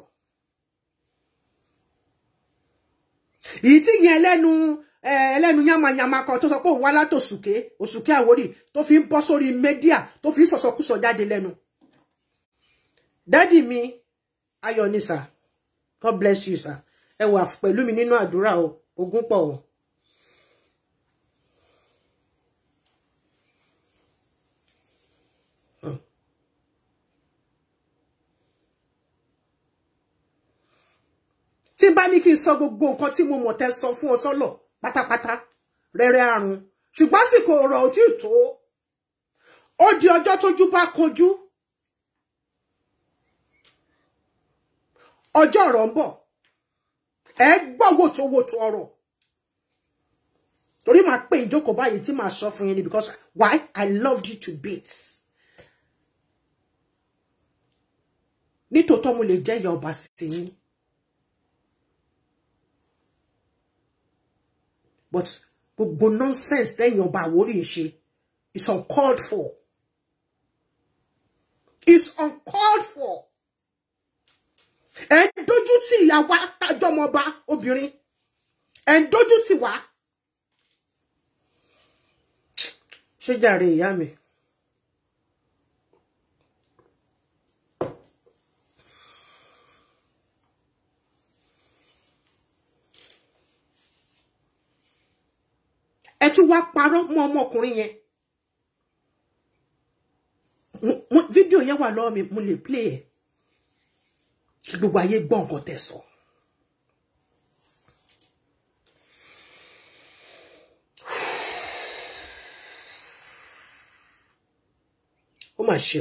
èyí tí yẹn ẹlẹ́nu ẹlẹ́nu yamayama kan tó sọ pé òun wá látòsùké òsùké àwórì tó fi ń bọ́ sórí mẹ́díà tó fi ń sọ̀sọ̀kúsọ jáde lẹ́nu dádì mi ayọ̀ ni sà God bless you sà ẹ wà pẹ̀lú mi nínú àdúrà o ogún pọ̀ o. tí n bá ní kí n sọ gbogbo nǹkan tí mo mọ̀ tẹ́ sọ fún ọ sọ́lọ̀ pátápátá rẹ́rẹ́ àrùn ṣùgbọ́n àsìkò ọ̀rọ̀ ò tí ì tó ó di ọjọ́ tójú bá kojú ọjọ́ ọ̀rọ̀ ń bọ̀ ẹ gbọ́ wòtòwòtò ọ̀rọ̀ torí màá pè ìjókòó báyìí tí màá sọ fún yín ni because why I loved you to bits nítòótọ́ mo lè jẹ́ ìyá ọba sí but gbogbo nonsense tẹ́yìn ọba Àwórì ń ṣe is uncalled for is uncalled for ẹ ń dojú tì ìyá wa tájọmọba obìnrin ẹ ń dojú tì wá ṣé jàre ìyá mi. ẹ tu wá parọ́ mọ́ ọmọkùnrin yẹn fídíò yẹn wà lọ́wọ́ mi mo lè play ẹ̀ kí gbogbo ayé gbọ́ nǹkan tẹ̀ sọ. ó mà ṣe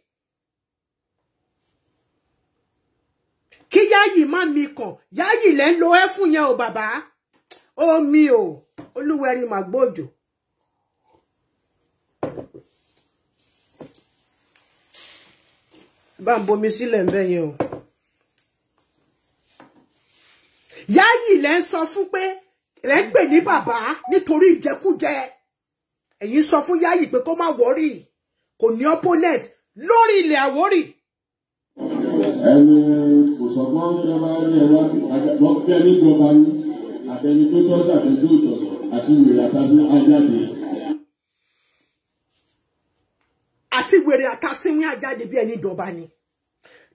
kí yáyì má mi kàn yáyì lẹ́ ń lo ẹ́ fún yẹn o bàbá omi o olúwẹ̀rí màgbóòjò. bá ń bomi sílẹ̀ ń bẹ́ yẹn o. yáyì lẹ́ ń sọ fún pé lẹ́ ń pè ní bàbá nítorí ìjẹkújẹ ẹ̀yin sọ fún yáyì pé kó má wọ́rì kò ní opponent lórí ilẹ̀ Àwórì ẹnu òṣọgbọn ìjọba ní ẹwà wọn bí ẹni ìjọba ní àtẹni tó tọ́ sàtẹ́jú ìtọ̀sọ̀ àti wèrè àtàsín ajáde. àti wèrè àtàsínwín ajáde bí ẹni ìjọba ni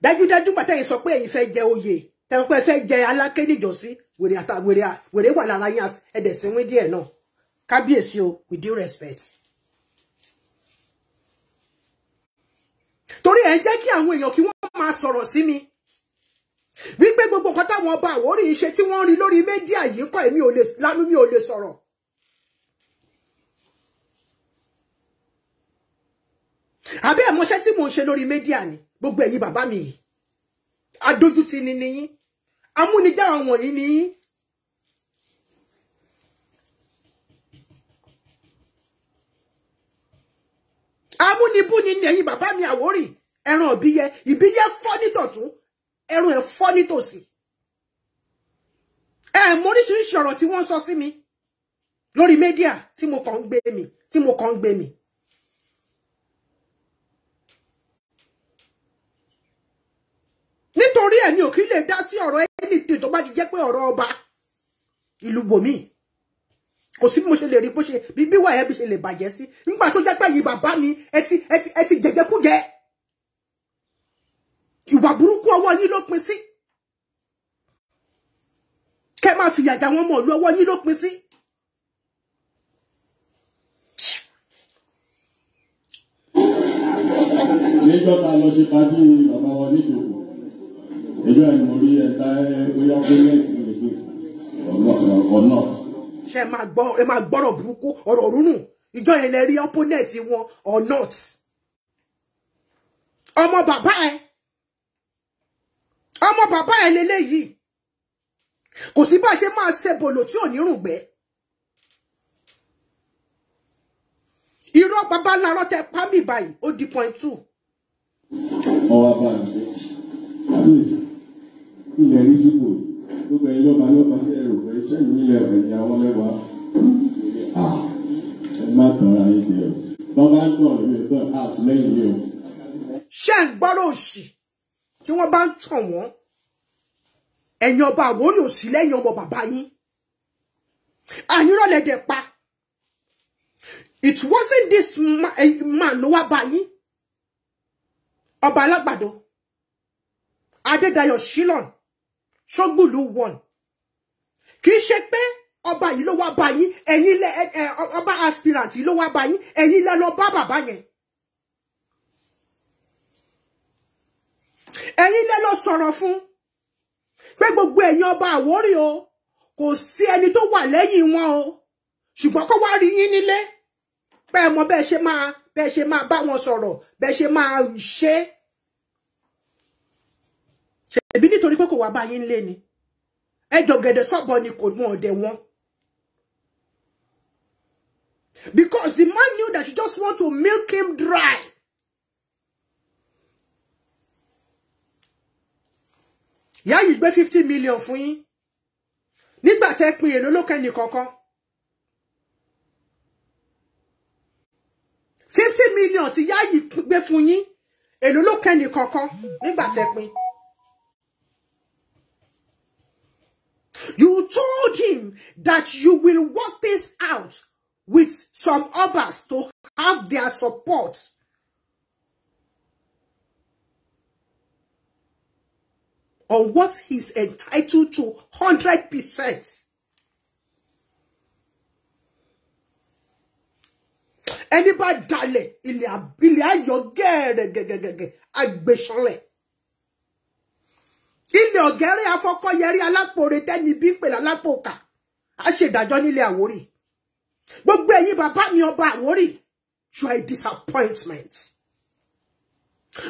dájúdájú pàtẹ́yìn sọ pé ẹ̀yin fẹ́ jẹ oyè tẹ́wọ́n pé fẹ́ jẹ aláké níjọ́sí wèrè àtàwèrè wèrè wà lára yín ẹ̀dẹ̀ sínwín díẹ̀ náà kábíyèsí o with due respect. torí ẹ jẹ́ kí àwọn èèyàn kí wọ́n máa sọ̀rọ̀ sí mi wípé gbogbo nǹkan táwọn ọba Àwórì ń ṣe tí wọ́n rí lórí mídíà yìí kọ́ èmi ò lè lánú mi ò lè sọ̀rọ̀. àbẹ́ ẹ̀mọṣẹ́ tí mò ń ṣe lórí mídíà ni gbogbo ẹ̀yin bàbá mi yìí adójútì ni nìyí amúnidára wọ̀nyí nìyí. amúnibú ni ẹ̀yin bàbá mi Àwórì ẹran ìbíyẹ ìbíyẹ fọ́ nítọ̀tún ẹran ẹ̀ fọ́ nítòsí ẹ mọ oríṣiríṣi ọ̀rọ̀ tí wọ́n sọ sí mi lórí mídíà tí mo kàn ń gbé mi tí mo kàn ń gbé mi. nítorí ẹ̀ mi ò kí lè dá sí ọ̀rọ̀ anything tó bá ti jẹ́ pé ọ̀rọ̀ ọba ìlú bòmí kò sí bí mo ṣe lè rí bó ṣe bí bí wàá yẹn bí ṣe lè bàjẹ́ sí nígbà tó jẹ́ pé yìí bàbá mi ẹ ti ẹ ti ẹ ti jẹjẹkújẹ ìwà burúkú ọwọ́ yín ló pin sí kẹ́ máa fìyà jà wọ́n mọ̀lú ọwọ́ yín ló pin sí. níjọba lọ ṣe pàdé bàbá wa nídòwò èmi àti rí ẹ̀ka bóyá gọ́ọ̀mẹ̀ntì lè gbé or not. ṣe máa gbọ́ ẹ máa gbọ́rọ̀ burúkú ọ̀rọ̀ rúnù ìjọ yẹn lè rí opponent wọn or not. ọmọ bàbá ẹ ọmọ bàbá ẹ̀ leléyìí kò sí bá ṣe máa ṣe bòlò tí ò ní rùngbẹ́ irọ́ bàbá larọ́ tẹ pa mí báyìí ó di point two. wọ́n wá bá àgbẹ̀ kábíyèsí ilẹ̀ rí sípò gbogbo ẹ̀yin lọ́ba lọ́ba ní ẹ̀rọ pé iṣẹ́ ìlú ilẹ̀ rẹ̀ ni àwọn lẹ́wàá ẹ má tọ́ra yín dẹ̀ o bọ́n bá ń tọ̀ lórí ẹ̀gbọ́n àtìlẹ́yìn yìí o. ṣé ń gbọ́rọ̀ òṣì tí wọ́n bá ń tàn wọ́n ẹ̀yin ọba Àwórì ò sí lẹ́yìn ọmọ bàbá yín àyínrọ̀lẹ̀ dẹ̀ pa it wasn't this eh, man ló wá bá yín ọba alágbàdo Adédayọ̀ Shylon Ṣógbùlù one kì í ṣe pé ọba yìí ló wá bá yín ẹ̀yin ọba aspirant yìí ló wá bá yín ẹ̀yin lẹ lọ bá bàbá yẹn. ẹ̀yin lẹ lọ sọ̀rọ̀ fún pé gbogbo ẹ̀yin ọba Àwórì o kò sí ẹni tó wà lẹ́yìn wọn o ṣùgbọ́n kó wá rí yín nílé bẹ́ẹ̀ mọ bẹ́ẹ̀ ṣe máa bẹ́ẹ̀ ṣe máa bá wọn sọ̀rọ̀ bẹ́ẹ̀ ṣe máa ṣe ṣèbí nítorí pé kò wá bá yín lé ni ẹjọ́ gẹ̀dẹ̀ sọ̀bọ ni kò mú ọ̀dẹ̀ wọn. Because the man knew that you just want to milk him dry. ìyá yìí gbé fifty million fún yín nígbà tẹ́ pin èlò lókẹ́ni kankan fifty million tí ìyá yìí gbé fún yín èlò lókẹ́ni kankan nígbà tẹ́ pin. You told him that you will work this out with some others to have their support. on what he's entitled to 100%. ẹni bá dalẹ̀ ilẹ̀ ayọ̀ gẹ́ẹ̀rẹ̀ gẹ́gẹ́gẹ́gẹ́ agbèsànlẹ̀ ilẹ̀ ọ̀gẹ́rẹ́ afọkọ́yẹrí alápòore tẹ́ni bí ń pè lálápòkà á ṣèdájọ́ nílé gbogbo ẹ̀yin bàbá mi ọba Àwórì you are disappointment.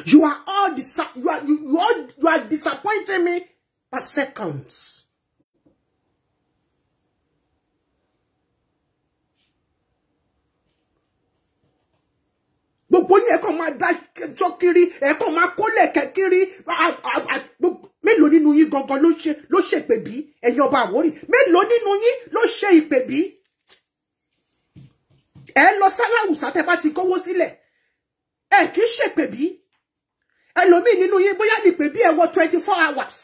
You are all dis you are you, you, all, you are disappointing me per seconds. Gbogbo yín ẹ kàn máa dájọ́ kiri ẹ kàn máa kólẹ̀kẹ́ kiri mélòó nínú yín gangan ló ṣe ló ṣe ìpèbí Me ọba Àwórì mélòó nínú yín ló ṣe ìpèbí ẹ lọ sáláwùsá tẹ bá ti kówó sílẹ̀ ẹ kì í ṣèpèbí ẹlòmíì nínú yín bóyá ní pé bí ẹ wọ twenty four hours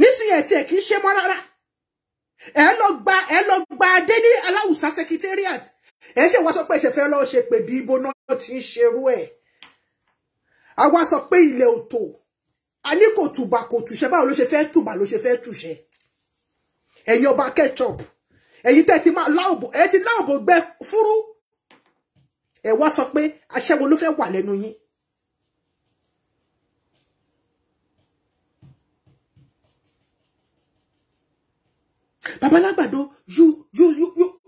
nísìnyí ẹ̀ tí ẹ̀ kì í ṣe mọ́ rárá ẹ lọ gba ẹ lọ gba adé ní aláwùsá secretariat ẹ ṣe wá sọ pé ṣe fẹ́ lọ́ọ́ ṣe pé bí ibo náà ti ń ṣerú ẹ̀ àwa sọ pé ilẹ̀ òtò a ní kò tùbà kò tùṣẹ́ báwo ló ṣe fẹ́ tùbà ló ṣe fẹ́ tùṣẹ́ ẹ̀yin ọba ketchup ẹ̀yin tẹ́ ti máa láòbò ẹ ti láòbò gbẹ fúrú ẹ wá sọ pé aṣẹ́wó ló fẹ́ wà lẹ́nu yín Babalagbado, you, you, you, you,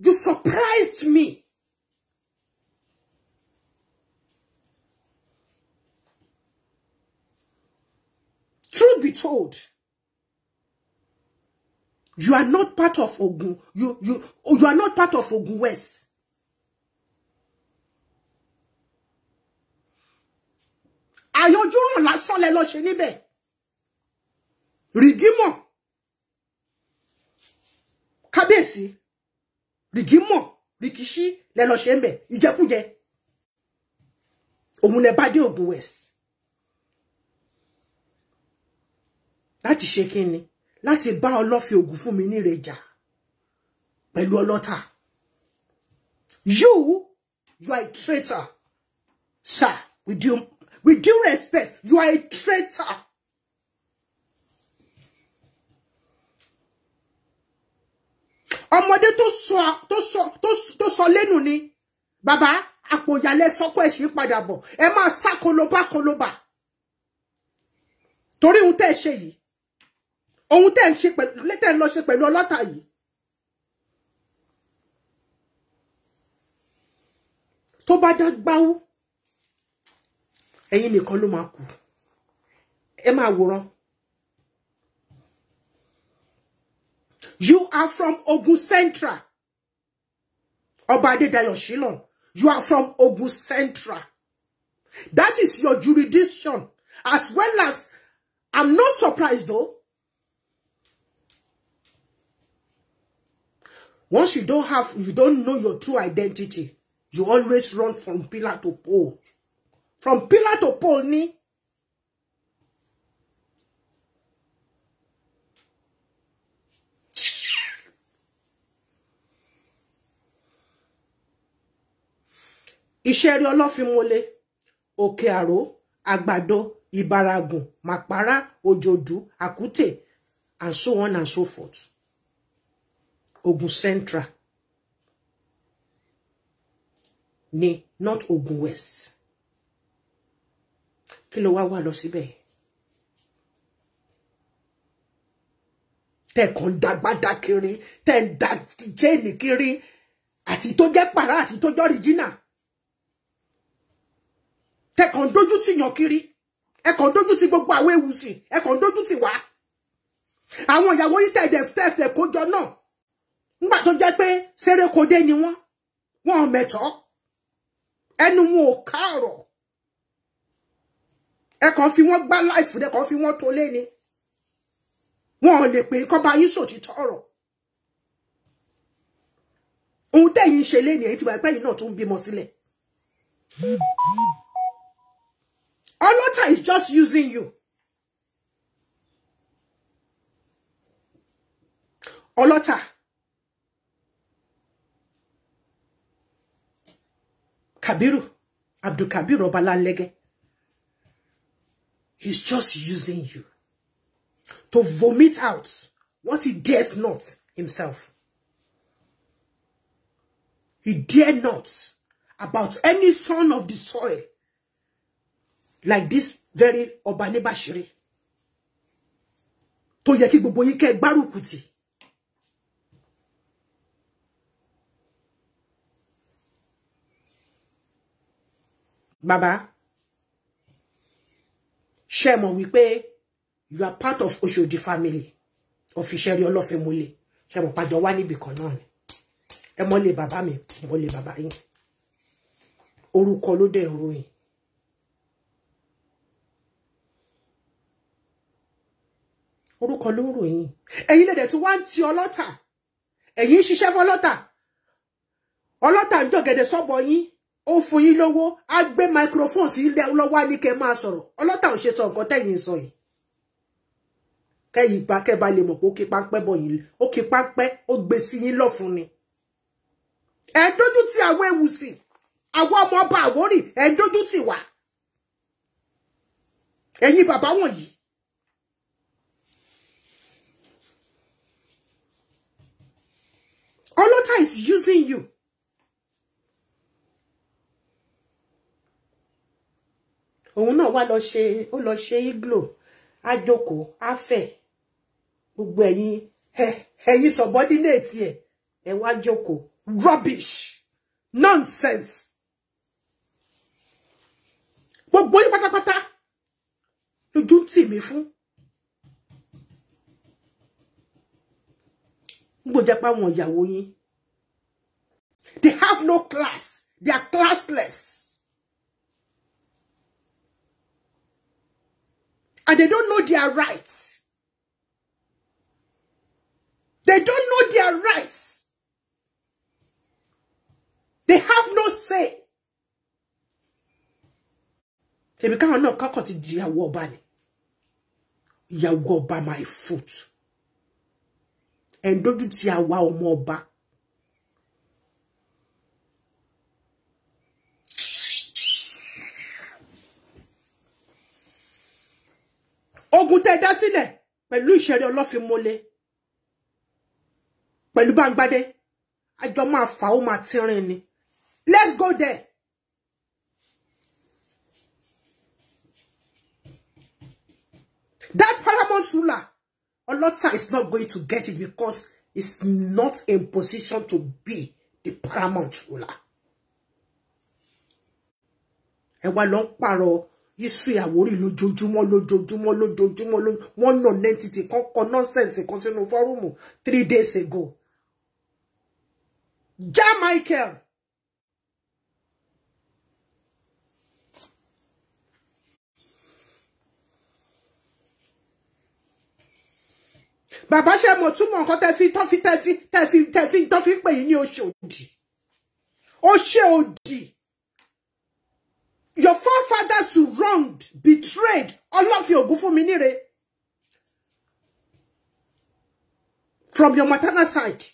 you surprised me. Truth be told, you are not part of Ogun. You, you, you are not part of Ogun West. Àyọjúràn lásán lẹ lọ ṣe níbẹ̀. Rìgímọ̀ kábíyèsí rìgímọ̀ rìkíṣí lẹ lọ ṣe ń bẹ ìjẹkújẹ òun lẹ bá dé Ògùn west láti ṣe kínni láti bá ọlọ́fin Ògùn fún mi nírejà pẹ̀lú ọlọ́tà you you are a traitor sir with due with due respect you are a traitor. ọmọdé tó sọ tó sọ tó sọ lẹ́nu ni bàbá àpò ìyàlẹ̀ sọ́kọ̀ ẹ̀ sì ń padà bọ̀ ẹ máa sá kolobá Koloba torí ohun tẹ́ ẹ ṣe yìí ohun tẹ́ ẹ ṣe pẹ̀lú tẹ́ ẹ lọ ṣe pẹ̀lú ọlọ́tà yìí tó bá dá gbáwó ẹ̀yin nìkan ló máa kù ẹ máa wòran You are from Ogun Central. Oba Shilon. You are from Ogun Central. That is your jurisdiction. As well as, I'm not surprised though. Once you don't have, you don't know your true identity, you always run from pillar to pole. From pillar to pole ni, iṣẹ́ rí ọlọ́fínmọ́lé òkè àró àgbàdo ìbaragùn màpárá òjòdú àkútè and so on and so forth Ogun Central ni not Ogun West kí ló wá wà lọ síbẹ̀ tẹ̀kàn dàgbàdà kiri tẹ̀ ń da jẹ́ẹ̀nì kiri àti tó jẹ́ pàrà àti tó jọ́ rìjínà tẹ́ kàn dójú tì yàn kiri e kàn dójú tì gbogbo e ewu sí ẹ kàn dójú tì wá àwọn ìyàwó yìí tẹ̀dẹ̀ tẹ̀fẹ̀ kójọ náà nígbà tó jẹ́ pé sérékodé ni wọ́n wọn mẹ̀tọ́ ẹnu wọn ò káàrọ̀ ẹ kàn fi wọ́n gbá láìfù dẹ kàn fi wọ́n tó lé ni wọn lè pè kọ́ bá yín sòtítọ́ ọ̀rọ̀ ohun tẹ́yìn ṣe lé ni èyí ti wà pẹ́yìn náà tó ń bímọ sílẹ̀. Olota is just using you. Olota, Kabiru, Abdul Kabiru Obalanlege. He's just using you to vomit out what he dares not himself. He dare not about any son of the soil like this very Ọba ní Bashiri tó yẹ kí gbogbo yín kẹ́ gbárùkù tì bàbá ṣé mọ̀ wípé you are part of Oshodi family officially Ọlọ́fẹ́ mole ṣé mọ̀ pàjọ wà níbì kan náà ni ẹ mọ̀ lé bàbá mi mọ̀ lé bàbá yín orúkọ ló dé royin orúkọ ló ń ròyìn ẹ̀yin lè dẹ̀ tí wá ń ti ọlọ́tà ẹ̀yin ń ṣiṣẹ́ fọlọ́tà ọlọ́tà ń jọ̀gẹ̀dẹ̀ sọ́bọ̀ yín ó fún yín lówó á gbé microphone sí lọ́wọ́ ní kẹ́ máa sọ̀rọ̀ ọlọ́tà ò ṣe tọ nǹkan tẹ̀yìn sọ yìí kẹ́yìn bá kẹ́ bá lè mọ̀ pé ó kí páńpẹ́ bọ̀ yìí ó kí páńpẹ́ ó gbé sí yín lọ́fun ni ẹ̀ ń dójú ti àwọn ewu sí àwọn ọmọ ọba Àwórì ẹ̀ ń dójú ti wà ẹ̀yin bàbá wọ̀nyí Olota is using you. Òun náà wá lọ ṣe ó lọ ṣe iglo ajoko afẹ́ gbogbo ẹ̀yin ẹ̀yin subordinate ẹ̀ ẹ̀ wá jókòó rubbish nonsense gbogbo yín pátápátá lójú tì mí fún they have no class they are classless and they don't know their rights they don't know their rights they have no say ṣèbí káwọn náà kọ́kọ́ ti di ìyàwó ọba ni ìyàwó ọba my foot ẹ̀ ń dójú ti àwa ọmọ ọba. ogun tẹ́ dá sílẹ̀ pẹ̀lú ìṣẹ̀lẹ̀ ọlọ́fin mole. pẹ̀lú bàǹgbàdé àjọ máa fà ó máa tínrín ni let's go there. that paramount ruler Olota is not going to get it because he's not in position to be the paramount ruler. long Ẹ wá lọ ń pààrọ̀ lo Àwórì lójoojúmọ́ lójoojúmọ́ lójoojúmọ́ wọ́n lo. One kan kọ nọ́sẹ̀nsì kan sínú fọ́rùmù three days ago. Ja Michael! bàbá ṣe mo túmọ̀ nǹkan tẹ́ fi tán fi tẹ́ fi tẹ́ fi tẹ́ fi tán fi pè yín ní oṣù òdì oṣù òdì your forefathers wronged betrayed ọlọ́fin ògún fún mi níre from your maternal side.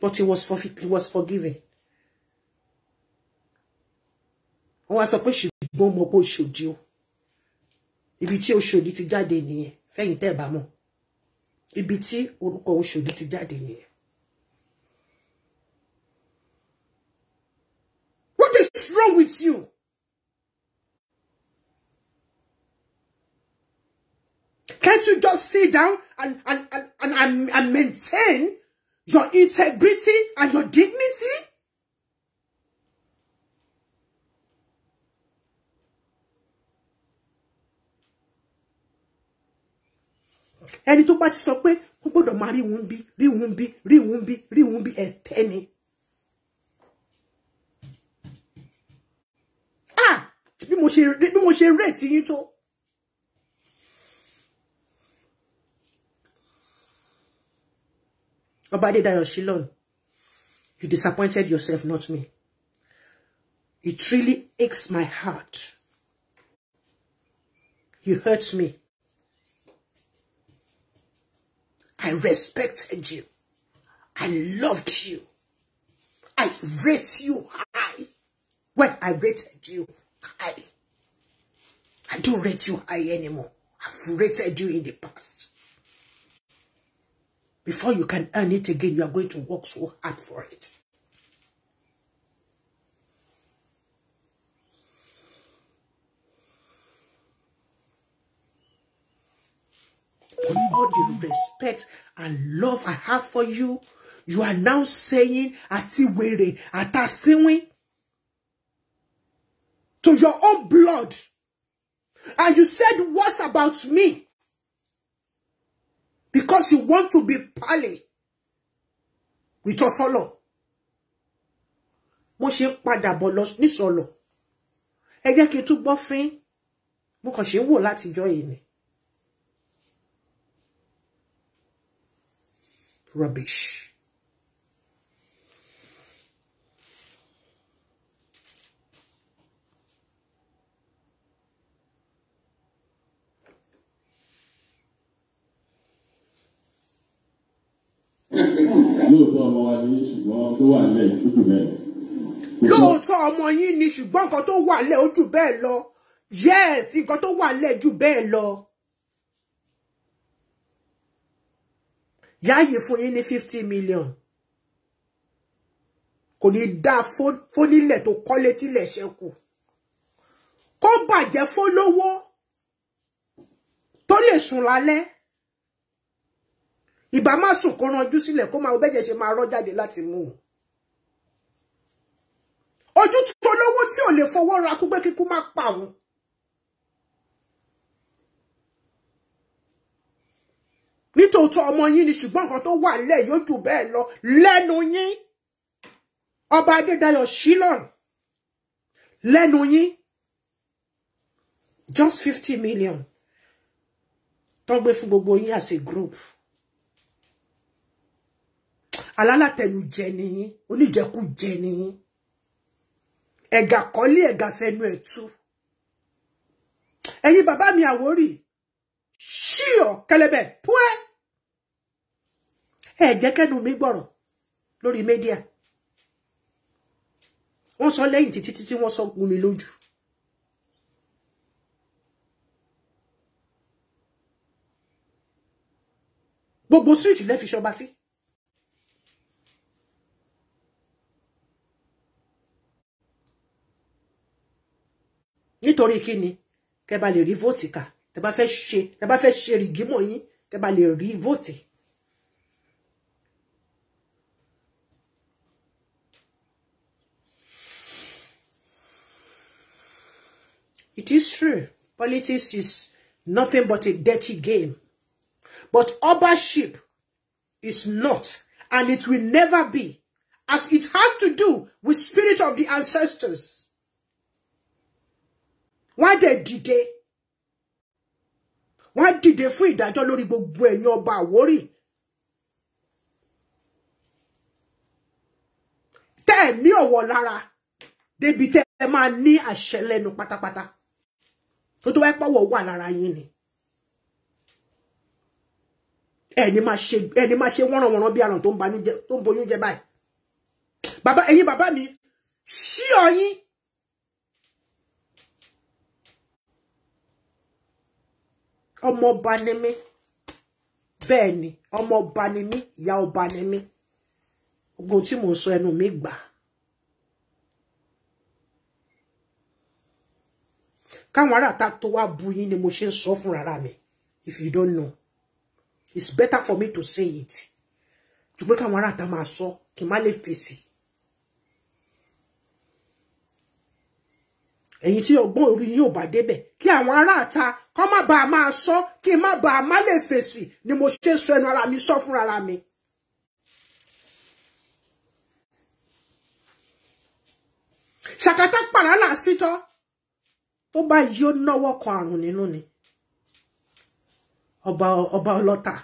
But he was, for, he was forgiven. Oh, I suppose pé ṣùgbọ́n mo bó ṣòdì o. ibi tí Òṣòdì ti ti jade feyin te nìyẹn. ti oruko ti jade whats wrong with you? Can't you just sit down and and and and, and maintain your integrity and your dignity? ẹni tó bá ti sọ pé kó gbọ́dọ̀ máa rí ìwọ̀n bí rí ìwọ̀n bí rí ìwọ̀n bí rí ìwọ̀n bí ẹ̀tẹ́ ni. Ah! bí mo ṣe bí mo ṣe rètí yín tó. Ọba Adédayọ̀ Shilon, you disappointed yourself, not me. It really aches my heart. You hurt me. I respected you. I loved you. I rate you high. When I rated you high. I don't rate you high anymore. I've rated you in the past. Before you can earn it again, you are going to work so hard for it. with all the respect and love I have for you, you are now saying atiwere, atasiwi to your own blood. And you said words about me because you want to be pally with your solo. Mo ṣe ń padà bọ̀ lọ solo. Ẹ jẹ́ kí n tún gbọ́ fín. Mo kàn ṣe ń wò látijọ́ yìí ni. rubbish. lóòótọ́ ọmọ wa yín ni ṣùgbọ́n nǹkan tó wà nílẹ̀ ó jù bẹ́ẹ̀ lọ yẹ́ẹ̀sì nǹkan tó wà nílẹ̀ jù bẹ́ẹ̀ lọ. yáàyè fún yín ni fifty million kò ní dá fónílẹ̀ tó kọ́lé tílẹ̀ ṣẹ́kù kó bàjẹ́ fólówó tó lè sùn lálẹ́ ìbá má sùn kó ranjú sílẹ̀ kó máa bẹ́jẹ̀ ṣe máa rọ́ jáde láti mú un ojú tó lówó tí ò lè fọwọ́ ra kú kíkú má pa òun nítòótọ́ ọmọ yín ni ṣùgbọ́n nǹkan tó wà nílẹ̀ yóò jù bẹ́ẹ̀ lọ lẹ́nu yín ọba adédayọ̀ shilon lẹ́nu yín just fifty million tó gbé fún gbogbo yín as a group alálàtẹnujẹ nìyí oníjẹkújẹ nìyí ẹ̀gà kọ́lé ẹ̀gà fẹnu ẹ̀tú ẹ̀yin bàbá mi Àwórì ṣíọ kẹlẹbẹ púẹ́ ẹ jẹ́ kẹ́nu mi gbọ̀rọ̀ lórí mídíà wọ́n sọ lẹ́yìn títí títí wọ́n sọ gún mi lójú gbogbo síìtì lẹ́fi ṣọba sí. nítorí kí ni kẹ́ bá lè rí vóòtì kà tẹ́ bá fẹ́ ṣe tẹ́ bá fẹ́ ṣe rìgímọ̀ yín kẹ́ bá lè rí vóòtì. It is true. Politics is nothing but a dirty game. But ownership is not, and it will never be, as it has to do with spirit of the ancestors. Wọ́n dẹ̀ dìde. Wọ́n dìde fún ìdájọ́ lórí gbogbo ẹ̀yin ọba Àwórì. Tẹ́ ẹ̀ ní ọ̀wọ̀ lára débi tẹ́ ẹ máa ní àṣẹ lẹ́nu pátápátá. tó tó wáyé pọ́wọ́ wà lára yín ni ẹni ma ṣe ẹni máa bí àrùn tó ń banújẹ́ tó báyìí bàbá bàbá mi ṣí ọyín ọmọ ọba ni ọmọ ọba ni mí ọba ni ogun tí mò sọ ẹnu mi káwọn ta tó wá bu yín ni mo ṣe ń sọ fún mi if you don't know it's better for me to say it jù pé káwọn aráàta máa sọ kí n má lè fèsì. ẹ̀yin tí ọgbọ́n orí yín ò bá débẹ̀ kí àwọn aráàta kọ́ má bàa máa sọ kí n má bàa má lè fèsì ni mo ṣe sọ ẹnu ara mi sọ fún rárá mi. ṣàkátà pàrọ̀ làásìtọ́. tó bá yí ó náwó kan àrùn ninu ni ọba ọba ọlọ́ta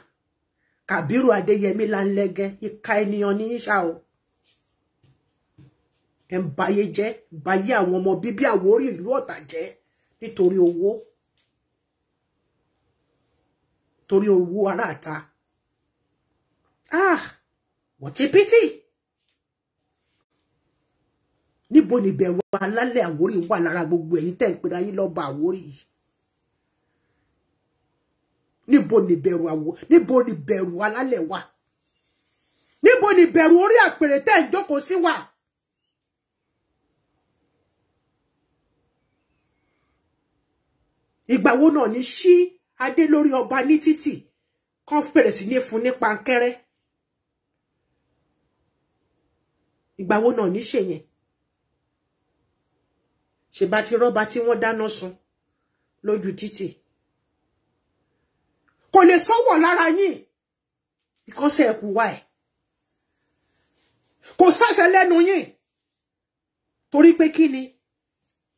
kàbírù adéyẹmí lánlẹ́gẹ́ ìka eniyan ni í ṣá o ẹ̀ ń bayé jẹ́ bayé àwọn ọmọ bíbí àwórí ìlú ọ̀tà nitori owo owó torí owó aráàta ah what a pity. níbo ni bẹ̀rù alálẹ̀ Àwórì wà lára gbogbo ẹ̀yin tẹ́ ń pera yín lọ́ba Àwórì níbo ni bẹ̀rù àwọ̀ níbo ni bẹ̀rù alálẹ̀ wà níbo ni bẹ̀rù orí àpèrè tẹ́ ń jókòó sí wà. ìgbà wo náà ni ṣí adé lórí ọba ní títì kan bẹ̀rẹ̀ sí ní fún ní pankẹ́rẹ́ ìgbà wo náà ni ṣèyẹn ṣe bá ti rọ́bà tí wọ́n dáná sun lójú títì kò lè sọ́wọ́ lára yín ìkọ́sẹ̀ ẹ̀kú wá ẹ̀ kò sáṣẹ lẹ́nu yín torí pé kí ni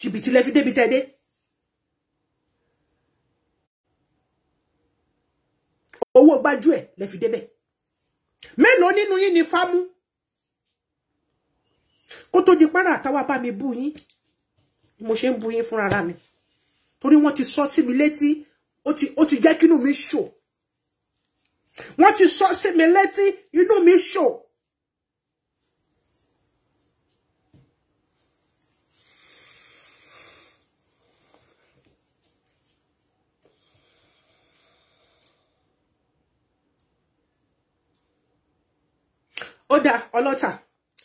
jìbìtì lẹ fi débi tẹ́dé owó gbájú ẹ̀ lẹ fi débẹ̀ mélòó nínú yín ni fámú kó tó di párà táwa bá mi bú yín mo ṣe ń bu yín fúnra mi torí wọ́n ti sọ sí mi létí ó ti ó ti jẹ́ kínú mi ṣò wọ́n ti sọ sí mi létí inú mi ṣò. ó dá ati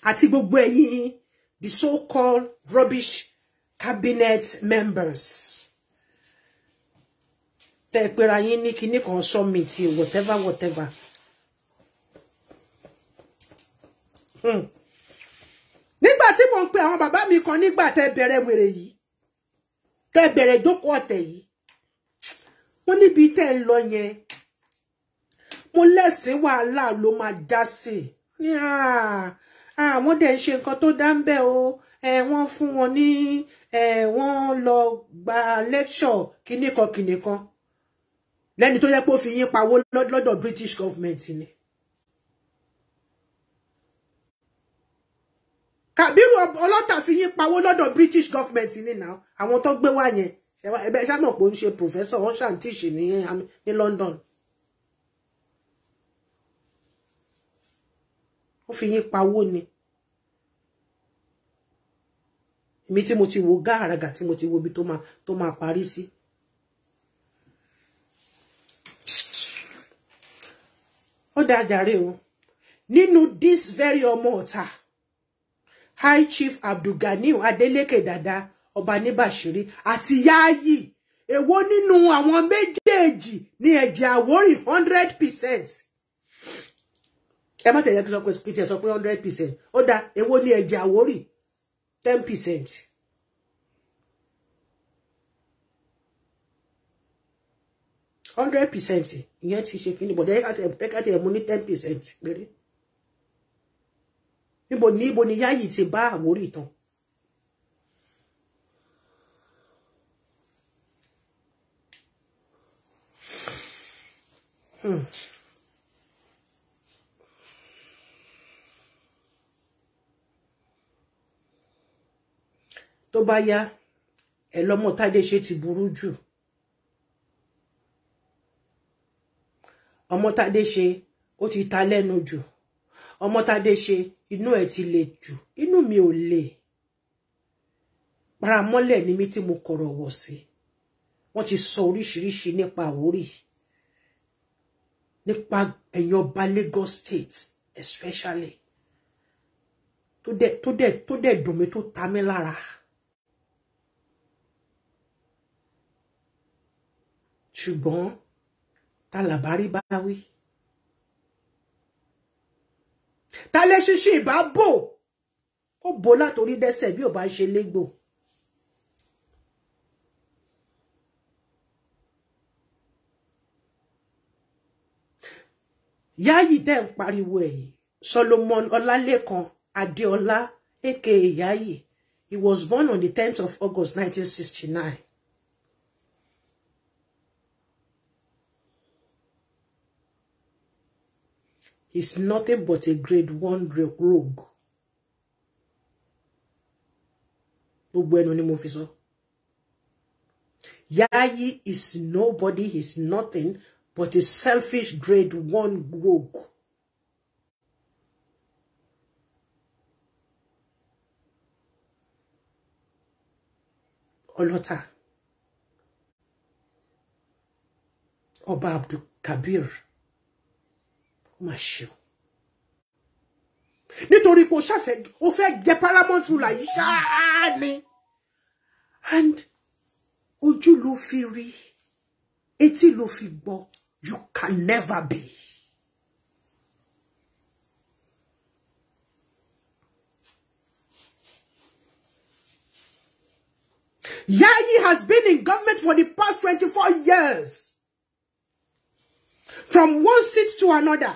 àti gbogbo ẹ̀yin the so called rubbish cabinet members tẹ́ pera yín Kini kinní kan summit whatever whatever hmm. nígbà tí mo ń pe àwọn mi kan nígbà tẹ́ bẹ̀rẹ̀ wèrè yìí tẹ́ bẹ̀rẹ̀ jókòó ọ̀tẹ̀ yìí wọ́n níbi tẹ́ ń lọ yẹn mo lẹ́sìn wàhálà ló máa dá sí i àwọn dẹ̀ ń ṣe nǹkan tó dá ń bẹ́ o wọ́n fún wọn ní wọ́n lọ gba lecture kìnìkan kìnìkan lẹ́ni tó yẹ pé ó fi yín pawó lọ́dọ̀ British government ni. Kàbírù ọlọ́tà fi yín pawó lọ́dọ̀ British government ni náà àwọn tó gbé wá yẹn ẹgbẹ́ sábà pò ń ṣe professor wọ́n ṣàǹtíṣì ní um, ní London. ó fi yín pawó ni. mi tí mo ti wo gáàràgà tí mo ti wo ibi tó máa tó máa parí sí. ó dáa jàre o nínú this very ọmọ high chief abdulganiu adeleke dada ọba níbàṣírí àti yááyì èwo nínú àwọn méjèèjì ní ẹ̀jẹ̀ àwórì hundred percent ẹ má tẹ̀yẹ kí n sọ pé hundred percent ó dáa èwo ní ẹ̀jẹ̀ àwórì ten percent. hundred percent ìyẹn ti ṣe kí They got, ẹ̀ka tiẹ̀ mú money. ten percent péré níbo ni níbo ni Yayi ti bá Àwórì ìtàn. Hmm. tó bá yá ẹ lọ́mọ tádé ṣe ti burú jù ọmọ tádé ṣe ó ti ta lẹ́nu jù ọmọ tádé ṣe inú ẹ̀ ti le jù inú mi ò le paramọ́lẹ̀ ni mi tí mo kọ̀rọ̀ wọ̀ sí wọ́n ti sọ oríṣiríṣi nípa Àwórì nípa ẹ̀yin ọba Lagos State especially tó dẹ̀ tó dẹ̀ tó dẹ̀ dùn mí tó ta mí lára. ṣùgbọ́n ta làbárí bá wí ta lè ṣíṣí ìbá bò ó bò látòrí dẹ́sẹ̀ bí ò bá ṣe légbò. yáyì dẹ̀ ń pariwo ẹ̀yìn Solomon Ọlálékan Adéọlá aka Yayi he was born on the 10th of August 1969 He's nothing but a grade one rogue. Gbogbo ẹnu ni mo fi sọ. Yayi is nobody, He's nothing but a selfish grade one rogue. Olota. Ọba Abdul Kabir ó mà ṣe o nítorí kò ṣàfẹ́ ó fẹ́ jẹ paramount ruler yìí ṣáá ni and ojú ló fi rí etí ló fi gbọ́ you can never be. Yayi has been in government for the past 24 years. From one seat to another.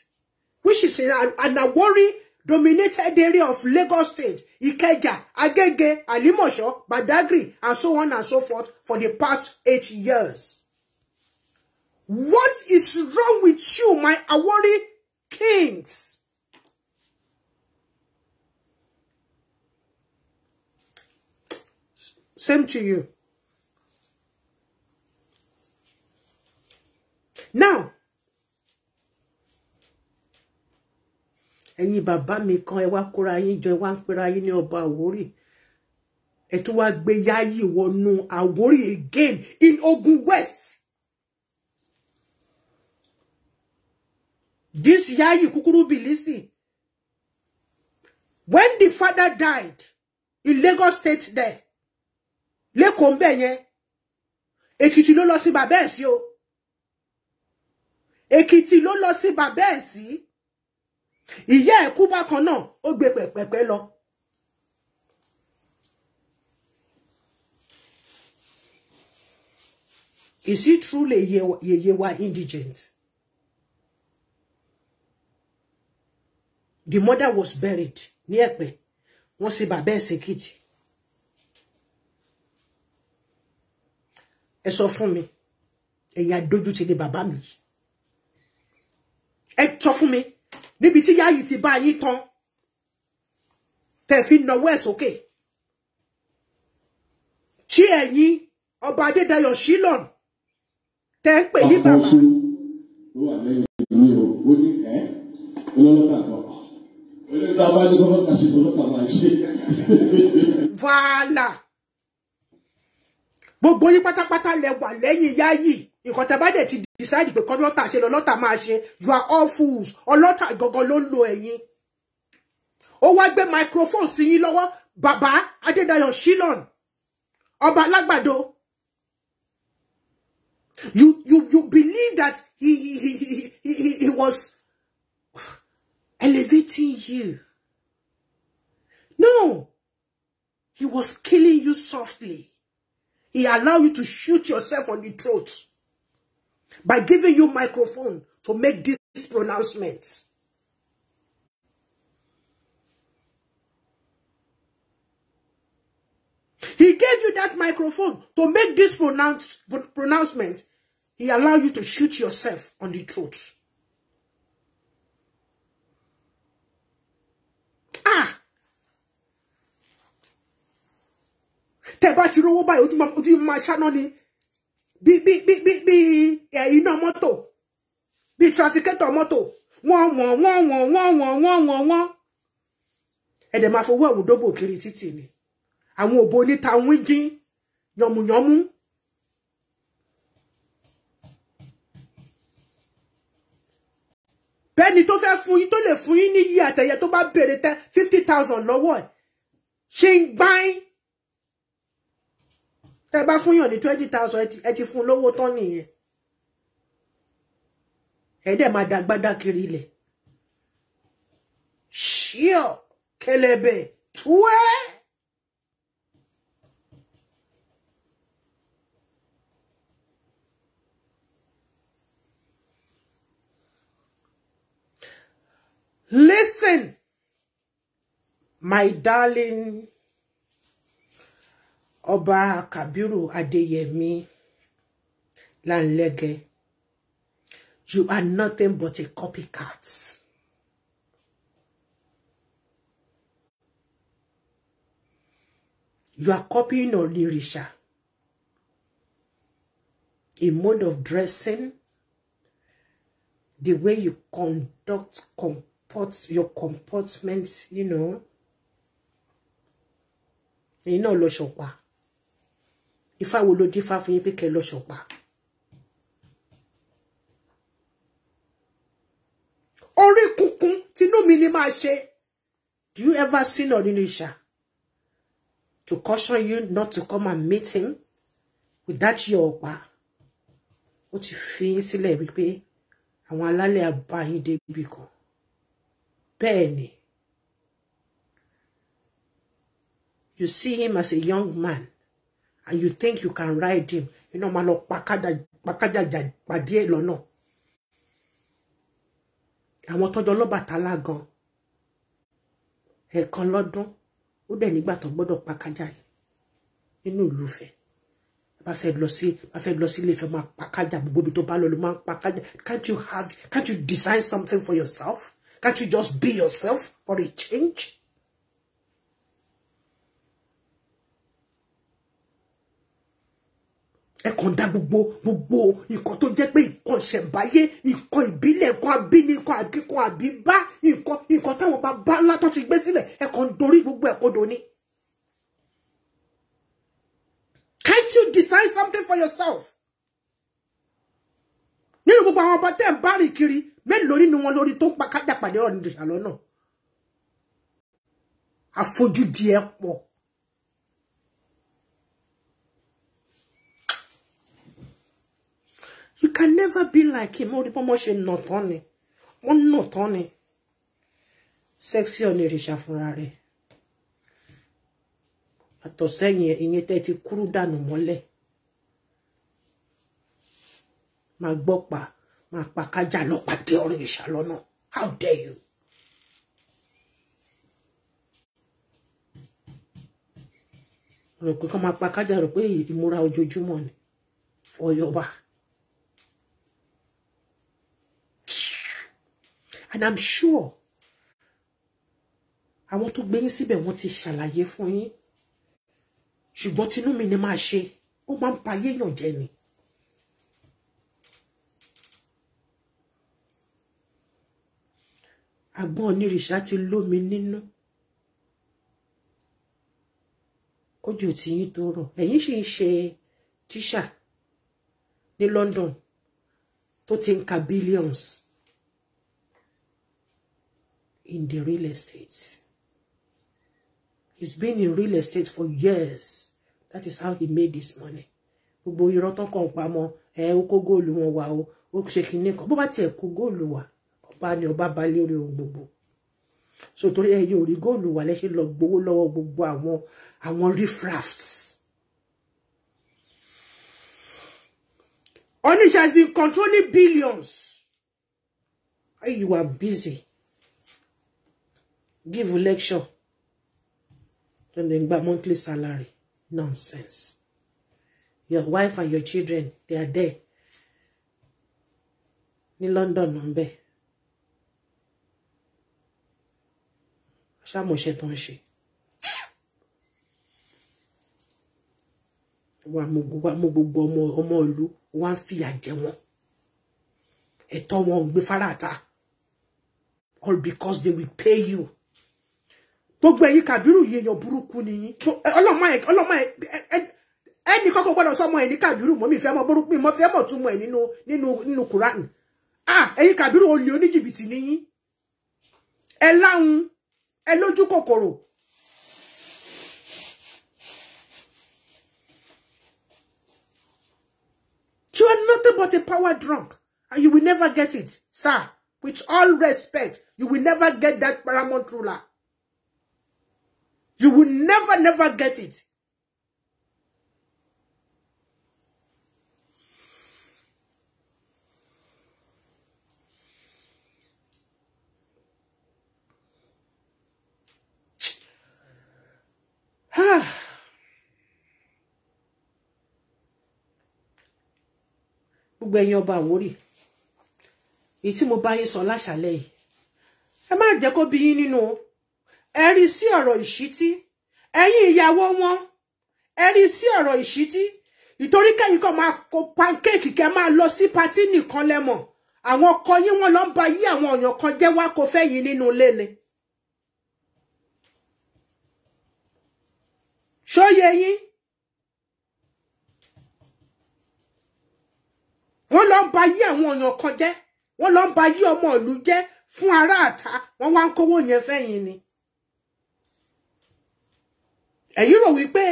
which is in an, Awori dominated area of Lagos State, Ikeja, Agege, Alimosho, Badagry, and so on and so forth for the past eight years. What is wrong with you, my Awori kings? Same to you. Now, ẹ̀yin bàbá mi kan ẹ wá kóra yín jọ ẹ wá ń pera yín ní ọba àwórì ẹ tún wá gbé yáyì wọnú àwórì again in Ogun West this yáyì kúkúrú bilisi. when the father died in Lagos State there lẹ́kọ̀ọ́ ń bẹ̀ yẹn Èkìtì ló lọ sí bàbá ẹ̀ sí o Èkìtì ló lọ sí bàbá ẹ̀ sí. Si ìyá ẹ̀ kú bákan náà ó gbé pẹ̀pẹ̀pẹ̀ lọ. Is he truly Yeyewa indigent? The mother was buried ní Ẹ̀pẹ́ wọ́n sì bàbá ẹ̀ sèkìtì. Ẹ sọ fún mi ẹ̀yin adójútì ni bàbá mi ẹ sọ fún mi níbi tí yáyì ti bá yín tán tẹ́ fi nawọ́ ẹ̀ sókè tí ẹ̀yin ọba Adédayọ̀ Shylon tẹ́ ń pè ní bàbá. ó wà lẹ́yìn ìlú o ó ní ẹ́ olólùkà kan olóòtú abájú kọ́kọ́ kà sí olóòtú àbá ṣe. wàhálà gbogbo yín pátápátá lẹ wà lẹ́yìn yáyì nǹkan tẹ́ bá dẹ̀ ti decide pé kọ́ lọ́tà ṣe lọ lọ́tà máa ṣe you are all fools ọlọ́tà gangan ló ń lo ẹ̀yin ó wá gbé microphone sí yín lọ́wọ́ bàbá Adédayọ̀ Shylon ọba alágbàdo you you you believe that he he he he he, he was elevating you no he was killing you softly he allowed you to shoot yourself on the throat by giving you microphone to make this pronouncement. He gave you that microphone to make this pronounce, pronouncement. He allowed you to shoot yourself on the throat. Ah! Tẹ́ bá ti rówó báyìí, ojú máa ṣáná ni bí bí bí bí bí iná mọ́tò bí trafficator mọ́tò wọ́n wọ́n wọ́n wọ́n wọ́n wọ́n wọ́n wọ́n wọ́n ẹ̀dẹ̀ máa fowó àwòdógbò kiri títì ni àwọn òbò oníta wíjín yànmùyànmú bẹ́ni tó fẹ́ fún yín tó lè fún yín ní iye àtẹ̀yẹ tó bá béèrè tẹ́ fifty thousand lọ́wọ́ ẹ̀ ṣe ń gbáyín tẹ́ bá fún yàn ní twenty thousand ẹ ti fún lówó tán nìyẹn ẹ dẹ̀ máa dàgbádà kiri ilẹ̀ ṣíọ kẹlẹbẹ túwẹ. Listen, my darling ọba Kabiru Adéyẹmí Lanlẹ́gẹ you are nothing but a copycat. You are copying Onirisha. A mode of dressing, the way you conduct, comport, your comportment, you know. Ẹ̀yin náà Lo ṣọ̀pá ifá wo ló dífá fún yín pé kẹ́ lọ ṣọ̀pá orí kunkun tinú mi ni máa ṣe do you ever see Ọ̀rìnrìṣà to caution you not to come and meet him without your ọ̀pá ó ti fi yín sílẹ̀ wípé àwọn alálẹ̀ abá yín débi kan bẹ́ẹ̀ you see him as a young man and you think you can ride him you know máa pakada, pàkájà pàdé ẹ̀ lọ́nà àwọn tọ́jọ́ lọ́bàtálá gan ẹ̀ẹ̀kan lọ́dún ó dẹ̀ nígbà tó gbọ́dọ̀ pàkájà yìí nínú ìlú Ifẹ̀ bá fẹ́ lọ sí bá fẹ́ lọ sí ilé Ifẹ̀ máa pàkájà gbogbo to tó bá lọ ló máa can't you have can't you design something for yourself can't you just be yourself for a change. ẹ dá gbogbo gbogbo nǹkan tó jẹ́ pé nǹkan ṣẹ̀ǹbáyé nǹkan ìbílẹ̀ nǹkan abíni nǹkan àkíkan àbíbá nǹkan nǹkan táwọn bàbá ńlá tó ti gbé sílẹ̀ ẹ dorí gbogbo ẹ̀ kodò Can't you decide something for yourself? nínú gbogbo àwọn ọba tẹ́ ẹ̀ bá rìn kiri mélòó nínú wọn lórí tó ń pa kájà pàdé ọ̀rìn lọ́nà àfojúdi ẹ̀ pọ̀. you can never be like him ó rí bọ́mọ́ not nà tán ni wọ́n nà tán ni sexy ọ̀nà ìrìṣà fúnra rẹ̀ àtọ̀sẹ́yìn ìyẹn tẹ́ ti a dànù mọ́lẹ̀ máa gbọ́ pa máa pa kájà lọ pàdé ọ̀rọ̀ ìṣà lọ́nà how dare you. Look pé kọ́ máa pa kájà rò pé ìmúra ojoojúmọ́ ni fọyọ́ and i'm sure I want to bring síbẹ̀ wọ́n ti ṣàlàyé fún yín ṣùgbọ́n tinú mi ni máa ṣe ó máa ń pa yéèyàn jẹ ni. àgbọn onírìṣà ti lómi nínú kójú tí yín tó rọ ẹ̀yin sì ń ṣe tíṣà ní London tó ti ń ka billions in the real estate. He's been in real estate for years. That is how he made this money. Gbogbo irọ́ tán kàn pamọ́ ẹ ó kó góòlù wọn wá o ó ṣe kinní kan bó bá tiẹ̀ kó góòlù wá ọba ni ọba bá lórí ohun gbogbo. So torí ẹ yóò rí góòlù wá lẹ́sẹ̀ lọ gbowó lọ́wọ́ gbogbo àwọn àwọn refrafts. Onisha has been controlling billions. You are busy give lecture then they gba monthly salary nonsense your wife and your children they are there In London náà ń bẹ ṣàmọṣẹ tó ń ṣe wa mo gbogbo ọmọ ọmọ ìlú wa ń fìyà jẹ wọn ẹ̀tọ́ wọn farata. all because they will pay you gbogbo ẹ̀yin kàbírù yìí èèyàn burúkú nìyí ọlọ́mọ ẹ̀ ọlọ́mọ ẹ̀ ẹnì kọ́kọ́ gbọ́dọ̀ sọmọ ẹ̀ ní kàbírù mọ́ mi fẹ́ mọ́ burúkú mi mọ́ fẹ́ mọ̀ túmọ̀ ẹ̀ nínú nínú nínú kùránì ah ẹ̀yin kàbírù olè oníjìbìtì nìyí ẹ láhun ẹ lójú kòkòrò You are nothing but a power drunk, and you will never get it, sir. With all respect, you will never get that paramount ruler. You will never, never get it. gbogbo ẹ̀yin ọba Àwórì èyí tí mo bá yín sọ láṣàlẹ̀ yìí ẹ má jẹ́ kó bí yín nínú o ẹ rí sí ọ̀rọ̀ ìṣítí ẹ̀yin ìyàwó wọn ẹ rí sí ọ̀rọ̀ ìṣítí ìtorí kẹ́yìn kan máa kó pancake kẹ́ máa lọ sí patí nìkan lẹ́mọ̀ àwọn ọkọ yín wọn lọ ń ba yí àwọn ọ̀yàn kan jẹ́ wá kó fẹ́ yìí nínú ilé ni. ṣóye yín wọ́n lọ ń ba yí àwọn ọ̀yàn kan jẹ́ wọ́n lọ ń ba yí ọmọ ìlú jẹ́ fún ará àta wọ́n wá ń kówó yẹn fẹ́yìn ni ẹ̀yin rò wípé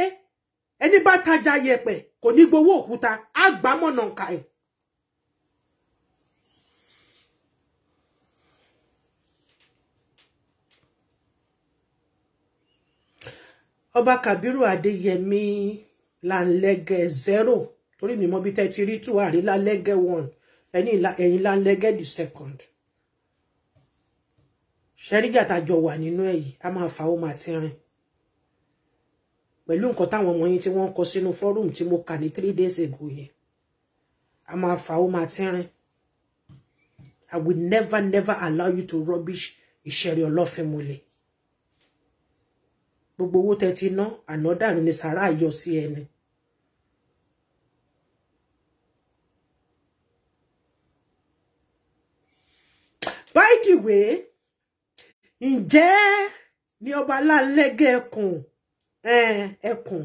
ẹni bá tajà yẹ̀pẹ̀ kò ní gbowó òkúta á gbà mọ̀nà ǹkà ẹ̀. ọba Kabiru Adéyẹmí lanlẹ́gẹ̀ zero torí mi mọ bí tẹ́ ti rí two àrí lanlẹ́gẹ̀ one ẹ̀yin lanlẹ́gẹ̀ the second ṣẹ́rígà tàjọ wà nínú èyí a máa fà ó máa ti rìn pẹ̀lú nǹkan táwọn ọmọ yín tí wọ́n kọ sínú forum tí mo kà ní three days ago yẹn a máa fà ó máa tínrín I will never never allow you to rubbish ìṣẹ̀rí ọlọ́fínmulẹ̀ gbogbo owó tẹ ti ná ànádànù ni sàrà yọ sí ẹni. by the way ǹjẹ́ ní ọba aláǹlẹ́gẹ̀ẹ́kùn ẹkùn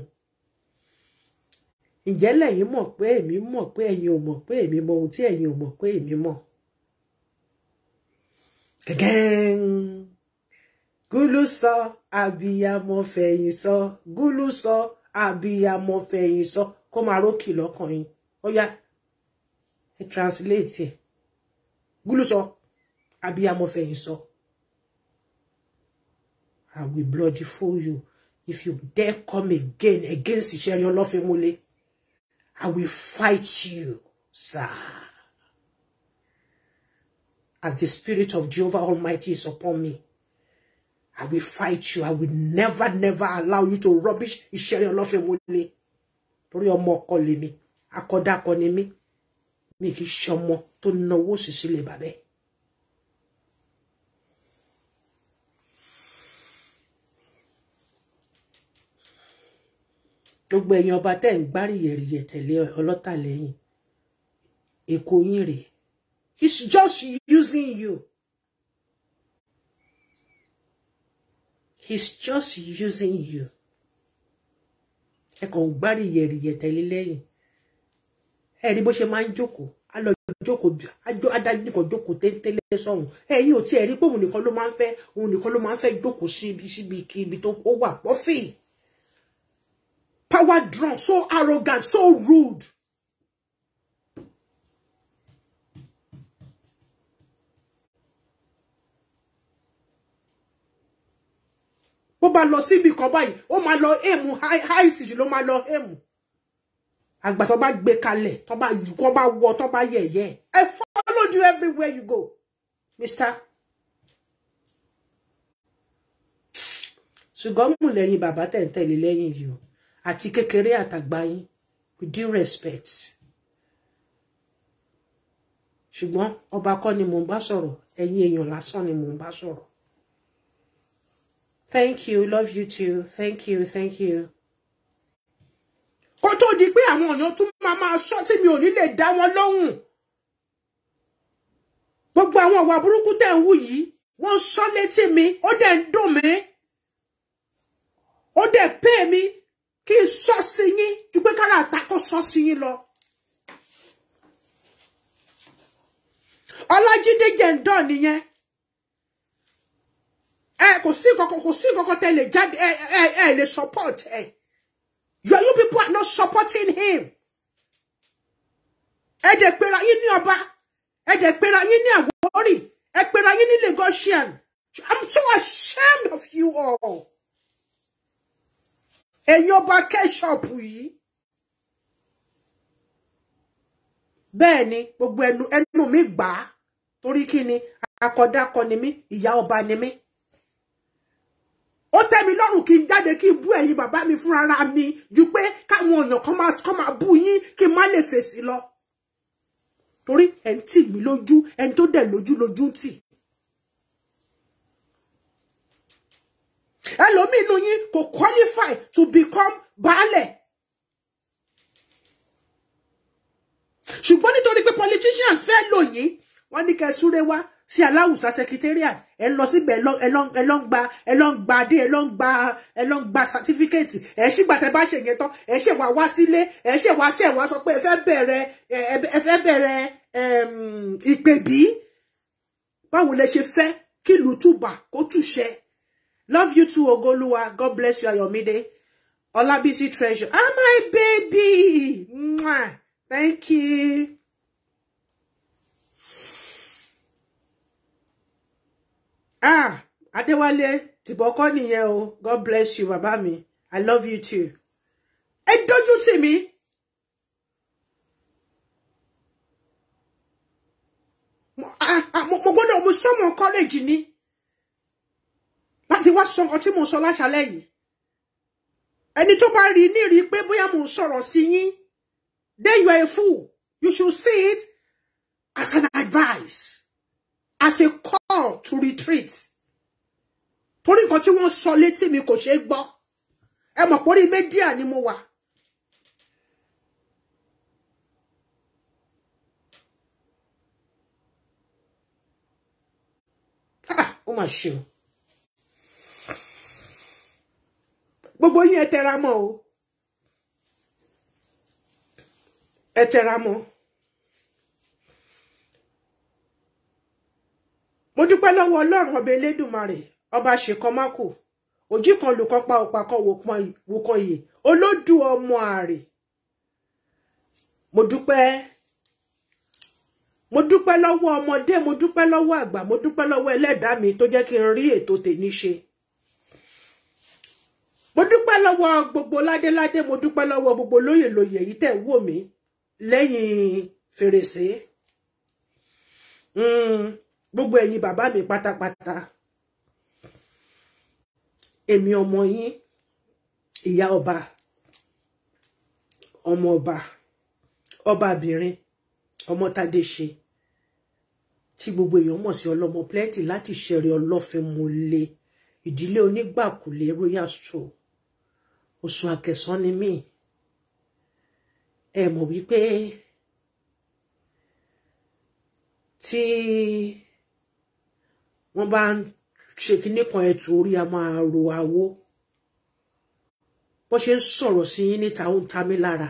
ǹjẹ́ lẹ́yìn mọ̀ pé èmi mọ̀ pé ẹ̀yin ò mọ̀ pé èmi mọ̀ ohun tí ẹ̀yin ò mọ̀ pé èmi mọ̀ gẹ́gẹ́n gúlú sọ abiyamọ fẹ̀yìn sọ gúlú sọ abiyamọ fẹ̀yìn sọ kó máa rókì lọ́kàn yín ó ẹ translate ẹ gúlú sọ abiyamọ fẹ̀yìn sọ I will bloody fool you. If you dare come again against Isheri Olofemule, I will fight you, sir. As the spirit of Jehovah Almighty is upon me, I will fight you. I will never, never allow you to rubbish Isheri Olofemule. your ọmọ ọkọ lèmi, akọ́dá akọ mi kì í ṣe ọmọ tó náwó sísílẹ̀ bàbẹ́. gbogbo ẹ̀yin ọba tẹ́ ń gbárí yẹ̀rìyẹ̀ tẹ̀lé ọlọ́tà lẹ́yìn èkó yín rèé he's just using you he's just using you ẹ kàn ń gbárí yẹ̀rìyẹ̀ tẹ̀lé lẹ́yìn ẹ rí bó ṣe máa ń jókòó á lọ jókòó àjọ adájú kan jókòó téńtélé sọ̀hún ẹ̀yin ò tiẹ̀ rí pé òun nìkan ló máa ń fẹ́ òun nìkan ló máa ń fẹ́ jókòó síbi síbi ibi tó wà pọ́fì. Power drunk, so arrogant, so rude. Bó bá lọ síbi kan báyìí, ó máa lọ èèmù, háìsìtì ló máa lọ èèmù. Àgbà tó bá gbé kalẹ̀, tó bá kọ́ bá wọ, tó bá yẹ̀yẹ́. I followed you everywhere you go, mister. Ṣùgbọ́n mú lẹ́yìn bàbá tẹ̀ ń tẹ̀lé lẹ́yìn àti kékeré àtàgbà yín with due respect ṣùgbọ́n ọba kọ́ ni mò ń bá sọ̀rọ̀ ẹ̀yin èèyàn lásán ni mò ń bá sọ̀rọ̀ thank you love you too thank you thank you. kó tó di pé àwọn èèyàn tún máa máa sọ tí mi ò ní lè dá wọn lóhùn gbogbo àwọn ọ̀wà burúkú tẹ̀ ń wù yìí wọ́n sọ létí mi ó dẹ̀ ń dùn mí ó dẹ̀ pè mí kí sọ sí yín ju pé kára àtakọ sọ sí yín lọ. Ọlájídé jẹ̀ǹdọ̀ nìyẹn ẹ kò sí kankan kò sí kankan tẹ lè jáde ẹ ẹ ẹ lè support ẹ your you people are not supporting him ẹ dẹ̀ pera yín ní ọba ẹ dẹ̀ pera yín ní Àwórì ẹ pera yín ní Lagosian I'm so ashamed of you all ẹ̀yin ba kẹ́ṣọ̀pù yìí bẹ́ẹ̀ ni gbogbo ẹnu mi ba tori kini kí koni mi ni mí ìyá ọba ni mí ó tẹ́ mi lọ́rùn kí n ki kí n bú ẹ̀yin bàbá mi fúnra mi ju pé káwọn èèyàn kan máa kọ́ ma bú yín kí n má lè fèsì lọ torí ẹ̀ ń tì mí lójú ẹni tó dẹ̀ lójú ẹlòmíì inú yín kò qualify to become baálẹ̀ ṣùgbọ́n nítorí pé politicians fẹ́ lò yín wọ́n ní kẹ́ súré wá sí aláwùsá secretariat ẹ lọ síbẹ̀ ẹ lọ ń gba ẹ lọ ń gba adé ẹ lọ ń gba ẹ lọ ń gba certificate ẹ ṣìgbà tẹ bá ṣe yẹn tán ẹ ṣe wá wá sílé ẹ ṣe wá ṣe wá sọ pé ẹ fẹ́ bẹ̀rẹ̀ ẹ fẹ́ bẹ̀rẹ̀ ìpèbí báwo lẹ ṣe fẹ́ kí ìlú kó túṣẹ́. Love you too, Ogoluwa. God bless you, Ayomide. Olabisi treasure. Ah, my baby. Mwah. Thank you. Ah, Adewale, Tiboko nìyẹn o. God bless you, Babami. I love you too. don't you see me? Ah, ah, Mo gbọ́dọ̀ mo mo kọ́lẹ́jì ni láti wá sọ nǹkan tí mò ń sọ láṣálẹ́ yìí ẹni tó bá rí nírí pé bóyá mò ń sọ̀rọ̀ sí yín then you are a fool you should see it as an advice as a call to retreat torí nǹkan tí wọ́n sọ létí mi kò ṣeé gbọ́ ẹ mọ̀ pórí mẹ́díà ni mo wà. Ah, ó mà ṣe gbogbo yín ẹ tẹra mọ́ o ẹ tẹra mọ́ mo dúpẹ́ lọ́wọ́ Ọlọ́run ọba Elédùmarè ọba ṣèkan mákò òjì kan lùkọ́ pa ọ̀pá kan wòkan iyè olódù ọmọ àrè mo dúpẹ́ mo dúpẹ́ lọ́wọ́ ọmọdé mo dúpẹ́ lọ́wọ́ àgbà mo dúpẹ́ lọ́wọ́ ẹlẹ́dàá mi tó jẹ́ kí n rí ètò tèmi ṣe mo dúpẹ́ lọ́wọ́ gbogbo ládéládé mo dúpẹ́ lọ́wọ́ gbogbo lóyèlóyè yìí tẹ̀ wò mí lẹ́yìn fèrèsé hmm, gbogbo ẹ̀yin bàbá mi pátápátá èmi ọmọ yín ìyá ọba ọmọ ọba ọbabìnrin ọmọ tádé ṣe tí gbogbo èèyàn mọ̀ sí ọlọ́mọ plẹ́ẹ̀tì láti ṣẹ̀rẹ̀ ọlọ́fin mo lé ìdílé onígbàkulé royal stroke Ọ̀ṣun Àkẹ́sán ni mí ẹ mọ̀ wípé tí wọ́n bá ń ṣe kinní kan ẹ̀tù orí a máa ro awó bó ṣe ń sọ̀rọ̀ sí yín níta ó ń ta mí lára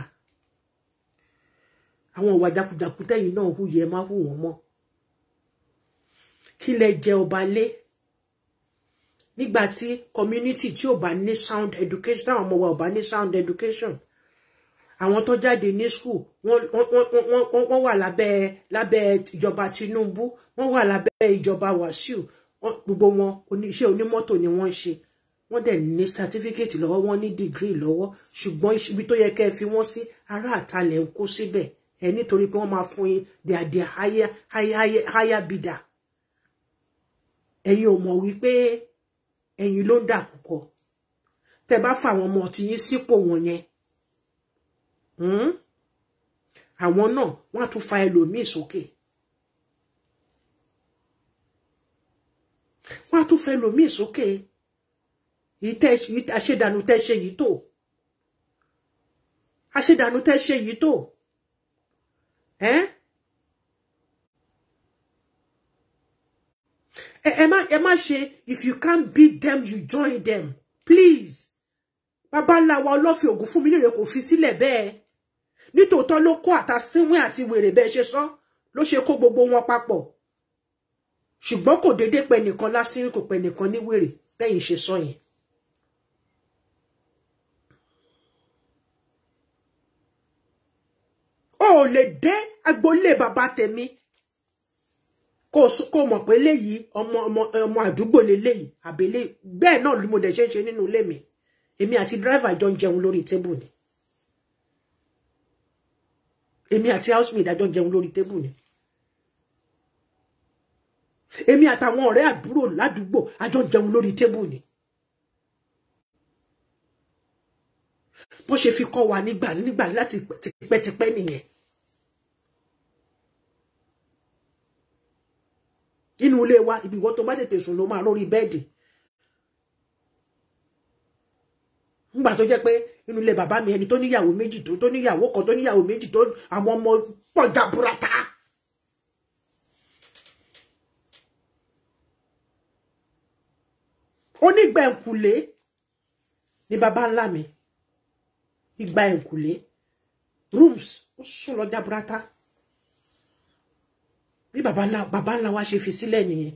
àwọn ìwà jàkújàkú tẹ́yìn náà hù yẹ má hù wọ́n mọ́ kí lẹ jẹ ọba lé nígbà tí community tí ò bá ní sound education táwọn ọmọ wa o bá ní sound education àwọn tó jáde ní school wọ́n wà lábẹ́ lábẹ́ ìjọba Tinubu wọ́n wà lábẹ́ ìjọba Wàsíù gbogbo wọn iṣẹ́ onímọ́tò ni wọ́n ń ṣe wọ́n dẹ̀ ní certificate lọ́wọ́ wọ́n ní degree lọ́wọ́ ṣùgbọ́n ibi tó yẹ kẹ́ fi wọ́n sí ará àtàlẹ̀ ń kó síbẹ̀ ẹ nítorí pé wọ́n máa fún yín dàdí háyà bìdà ẹ̀yin o mọ̀ wípé ẹ̀yin ló ń dà kúkọ tẹ́ bá fa àwọn ọmọ tí yín sípò wọn yẹn hmm? àwọn náà wọ́n á tún fa ẹlòmíì sókè wọ́n á tún fa ẹlòmíì sókè àṣedànù tẹ́ ṣe yìí tó àṣedànù tẹ́ ṣe yìí tó ẹ́. Eh? Emma, eh, eh, Emma, eh, she. if you can't beat them you join them please babaláwa ọlọ́fin ògùn fún mi nírè kò fi sílẹ̀ bẹ́ẹ̀ nítòótọ́ ló kó àtàsínwín àti wèrè bẹ́ẹ̀ ṣe sọ ló ṣe kó gbogbo wọn papọ̀ ṣùgbọ́n kò déédé pẹ nìkan lásìrí kò pẹ nìkan ní wèrè bẹ́yìn ṣe sọ yẹn. o ò lè dé agboolé bàbá kó kó mọ̀ pé léyìí ọmọ ọmọ ọmọ àdúgbò leléyìí àbẹ̀lẹ̀ bẹ́ẹ̀ náà ló mo dẹ̀ ṣe ń ṣe nínú ilé mi èmi àti dírẹ́fà jọ ń jẹun lórí tébù ni èmi àti housemaid àjọ ń jẹun lórí tébù ni èmi àtàwọn ọ̀rẹ́ àdúrò ládùúgbò àjọ ń jẹun lórí tébù ni bó ṣe fi kọ́ wa nígbà nígbà láti tipẹ́tipẹ́ nìyẹn. nínú ilé wa ibi ìwọ tó bá tètè sùn ló máa lórí bẹ́ẹ̀dì nígbà tó jẹ́ pé nínú ilé bàbá mi ẹni tó níyàwó méjì tó tó níyàwó kan tó níyàwó méjì tó àwọn ọmọ pọ̀ jaburata. onígbà ẹ̀kùlé ni bàbá ńlá mi ìgbà ẹ̀kùlé rooms o sùn lọ jaburata bí bàbá ńlá wa ṣe fi sílẹ̀ nìyẹn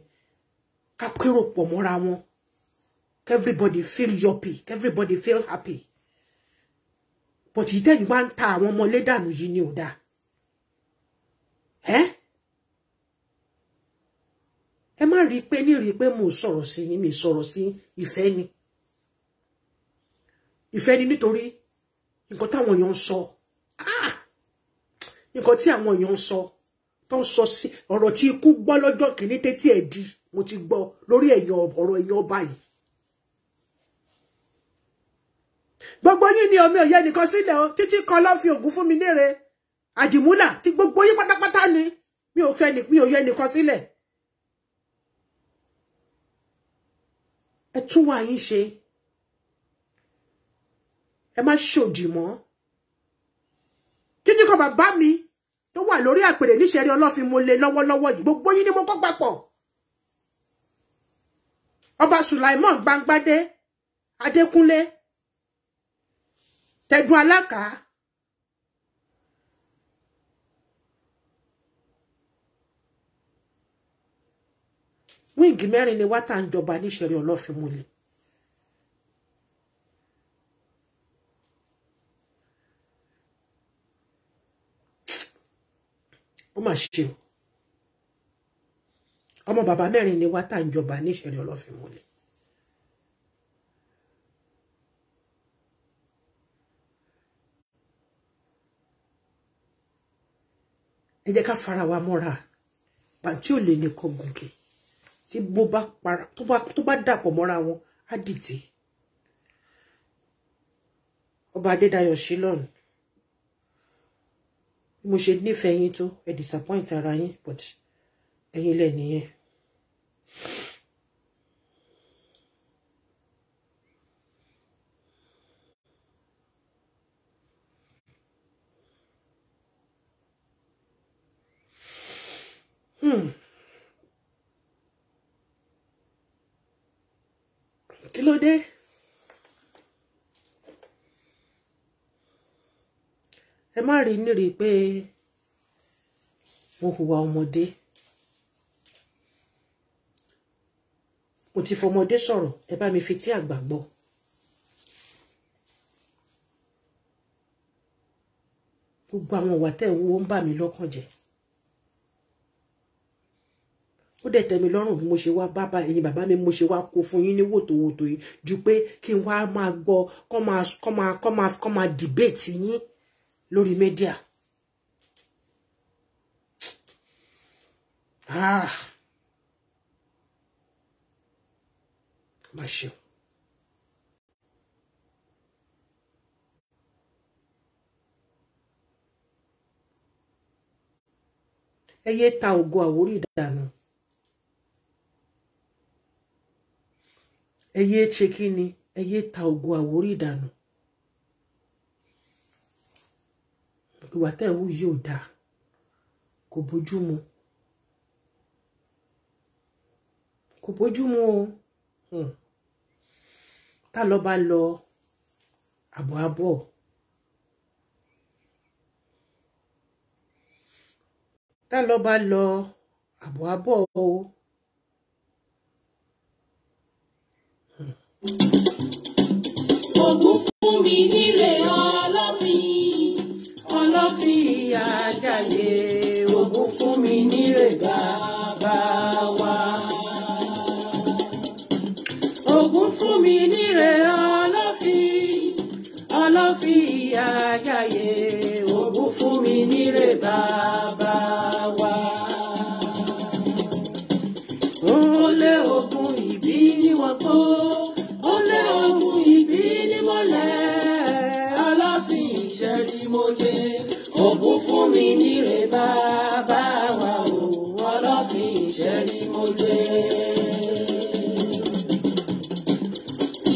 ká kérò pọ̀ mọ́ra wọn everybody feel yuppie everybody feel happy but ìtẹ́yìn bá ń ta àwọn ọmọ lédànù yìí ni ò dáa ẹ́ ẹ má rí i pé ní rí i pé mo sọ̀rọ̀ sí ni mi sọ̀rọ̀ sí ìfẹ́ ni ìfẹ́ ni nítorí nǹkan táwọn èèyàn ń sọ ah! nǹkan tí àwọn èèyàn ń sọ tó ń sọ sí ọ̀rọ̀ tí ikú gbọ́ lọ́jọ́ kìíní tẹ́tí ẹ̀ di mo ti gbọ́ lórí ọ̀rọ̀ ẹ̀yàn ọba yìí. gbogbo yín ni omi òye nìkan sílẹ̀ o títí kan lọ́ fi ògùn fún mi léèrè àdìmúlà tí gbogbo yín pátápátá ni mi ò fẹ́ mi ò yẹ nìkan sílẹ̀. ẹ tún wà yín ṣe ẹ má ṣòdì mọ́ títí kan bàbá mi tó wà lórí àpèrè níṣẹ́rí ọlọ́fin mo lè lọ́wọ́lọ́wọ́ yìí gbogbo yín ni mo kó papọ̀ ọba Sulaimon Gbangbadé Adékúnlé Tẹ̀dú Alákà wíǹgì mẹ́rin ni wá tá à ń jọba níṣẹ́rí ọlọ́fin mo lè. ó mà ṣe o ọmọ bàbá mẹ́rin ni wá tá à ń jọba níṣẹ̀lẹ̀ ọlọ́fin múlẹ̀ ẹ jẹ́ ká fara wa mọ́ra pàǹtí ò lè nìkan gòkè tí bó bá para tó bá dàpọ̀ mọ́ra wọn á dìtì ọba adédayọ̀ sílọ̀nù bí mo ṣe nífẹ̀ẹ́ yín tó ẹ disappoint ara yín but ẹ̀yin lẹ̀ nìyẹn. Hmm. kí ló dé ẹ má rí nírè pé mo hùwà ọmọdé mo ti fọmọdé sọ̀rọ̀ ẹ bá mi fi tí àgbà gbọ́. gbogbo àwọn ìwà tẹ̀ ń wo ń bà mí lọ́kàn jẹ́ ó dẹ̀ tẹ́ mi lọ́rùn bí mo ṣe wá bàbá ẹ̀yin bàbá mi mo ṣe wá kó fún yín ní wòtòwòtò yìí ju pé kí n wá máa gbọ́ kọ́ máa kọ́ máa kọ́ máa dìbéètì yín lórí media ah má ṣeun ẹ yé ta ògo Àwórì dànù ẹ yé ṣe kí ni ẹ yé ta ògo Àwórì dànù ìwà tẹ̀ ń wù yìí ò dáa kò bójú mu kò bójú mu o hmm. tá lọ bá lọ àbọ̀ àbọ̀. tá lọ bá lọ àbọ̀ àbọ̀ o. Hmm. ogun fún mi nílé ọlọ́pìn wọn lọ fi ìyà jàyè ògùn fún mi níre bàbá wa. ògùn fún mi níre ọlọ́fin ọlọ́fin ìyà jàyè ògùn fún mi níre bàbá wa. òun lé ògùn ìbí níwọ̀n tó. fún mi níre bàbá wa o ọlọ́fin ìṣẹ́rí mo gbé.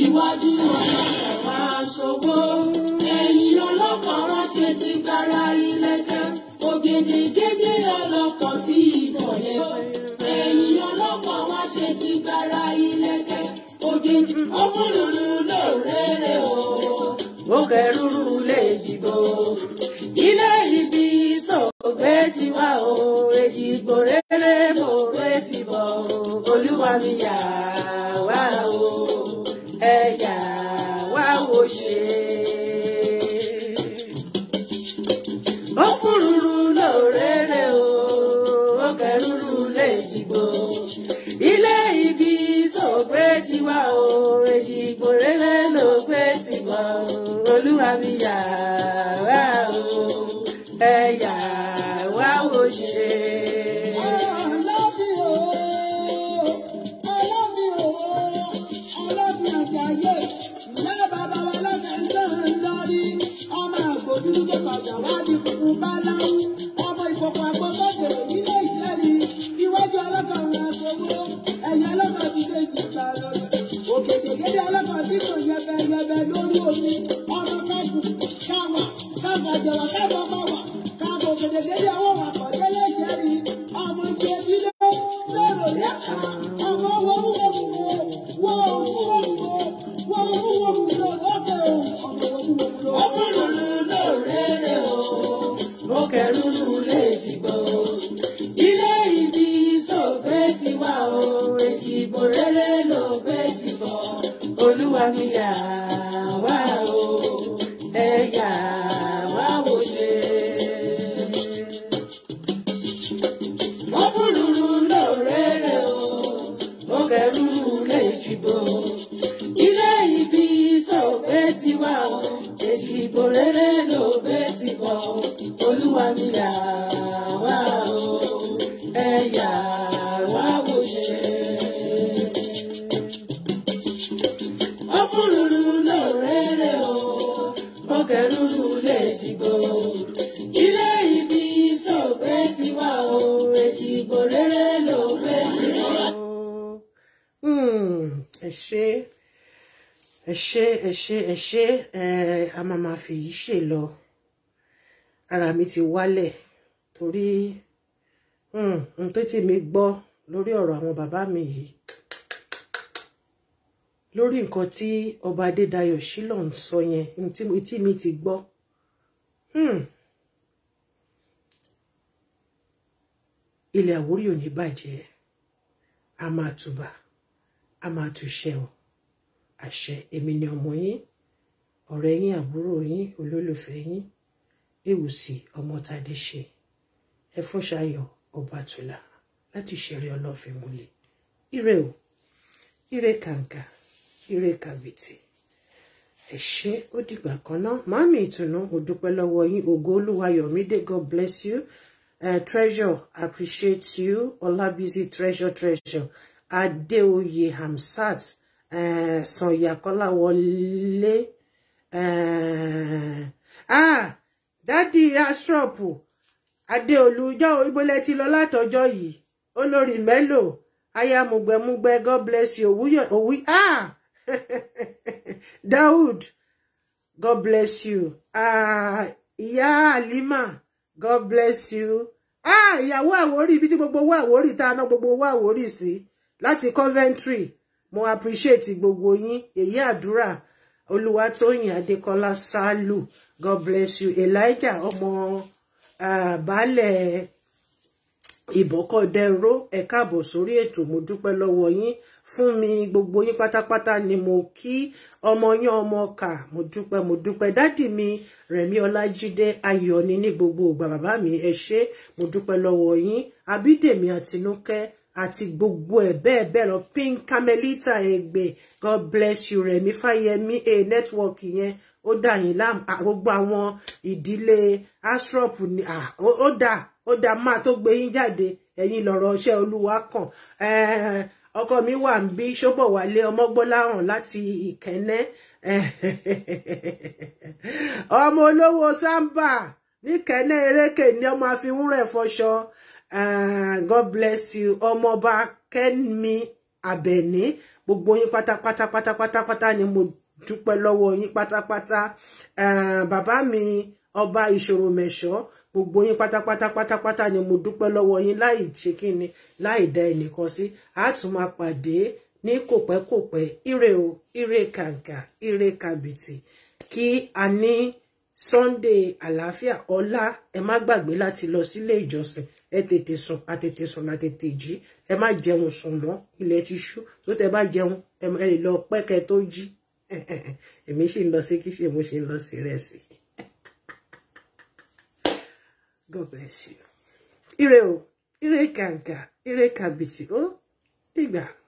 iwájú ọlọ́kọ̀ máa ṣògbó ẹ̀yìn ọlọ́kọ̀ ránṣẹ́ ti gbára ilẹ̀kẹ́ ògèdè gègé ọlọ́kọ̀ sí ìtọ̀yẹ́ ẹ̀yìn ọlọ́kọ̀ wá ṣe ti gbára ilẹ̀kẹ́ ògèdè ọmọlòlò. yeah. fèyí ṣe lọ ara mi ti wálẹ̀ torí hmm, n tó tí mi gbọ́ lórí ọ̀rọ̀ àwọn bàbá mi yìí lórí nǹkan tí ọba Adédayọ̀ Shylon ń sọ yẹn tí mi ti gbọ́ hmm. ilẹ̀ Àwórì ò ní bàjẹ́ a máa tùbà a máa túṣẹ́ o àṣẹ èmi ni ọmọ yín ọ̀rẹ́ yín àbúrò yín olólùfẹ́ yín èwùsì ọmọtadéṣe ẹfúnṣayọ̀ ọbàtúlà láti ṣeré ọlọ́fin múlẹ̀ ire o ire kàǹkà ire kàbìtì ẹ ṣé ó dìgbà kan náà màámi ìtùnú mo lọ́wọ́ yín ògo olúwayọ̀mídé god bless you uh, treasure appreciate you ọlábísí treasure treasure adéoyè hamsat uh, sànyà kọ́láwọlé. Eh, ah dádì astrop adéolú ìjọ ìbólẹ ti lọ látọjọ́ Olori Melo, mélò aya mùgbẹmùgbẹ god bless you òwúyọ òwí ah daoud god bless you ah Iya Lima. god bless you ah ìyàwó àwórí ibi tí gbogbo owó àwórí tá a gbogbo owó àwórí sí láti Coventry mo appreciate gbogbo yín èyí àdúrà Oluwatoyin, Adékọ́lá salu. God bless you Elijah ọmọ baálẹ̀ Ìbọ́kọ̀dẹ́ró ẹ káàbọ̀ sórí ètò mo dúpẹ́ lọ́wọ́ yín fún mi gbogbo yín pátápátá ni mo ki omo yín omo ka. mo dúpẹ́ mo dúpẹ́ dádì mi remi olajide ayọ̀ ni ní gbogbo ìgbà bàbá mi ẹ ṣé mo dúpẹ́ lọ́wọ́ yín Abídèmí Àtinúkẹ́ àti gbogbo ẹ̀ bẹ́ẹ̀ bẹ́ẹ̀ lọ pink camelita Egbe God bless you Rẹ̀mí Fáyẹmí a network yẹn ó dà yín láàmú gbogbo àwọn ìdílé astrop ni ó dà ó dà máa tó gbé yín jáde ẹ̀yin lọ̀rọ̀ iṣẹ́ olúwa kàn ọkọ mi wà ń bí Ṣóbọ̀wálé Ọmọgbọ́láhàn láti Ìkẹ́nnẹ́ ọmọ olówó sámbà níkẹ́nnẹ́ eréke ni ọmọ àfihàn rẹ̀ fọṣọ God bless you ọmọọba Kẹ́mi Àbẹ̀ní gbogbo yín pátápátá pátápátá ni mo dúpẹ́ lọ́wọ́ yín pátápátá eh, bàbá mi ọba ìṣòro mẹ̀ṣọ́ gbogbo yín pátápátá pátápátá ni mo dúpẹ́ lọ́wọ́ yín láì ṣe kí ni láì dá ẹnìkan sí a tún máa pàdé ní kòpẹ́kòpẹ́ ire o ire kàǹkà ire kàbìtì kí a ní Sunday àlàáfíà ọlá ẹ má gbàgbé láti lọ sílé ìjọsìn son, ẹ tètè sùn àtètè sùn àtètè jí ẹ má jẹun sùn mọ́ ilẹ̀ ti ṣú tó tẹ bá jẹun ẹ lè lọ pẹkẹ tó jí èmi ṣì ń lọ sí kíṣe mo ṣì ń lọ sí rẹ sí God bless you ire o ire kàǹkà ire kàbìtì ó dìgbà.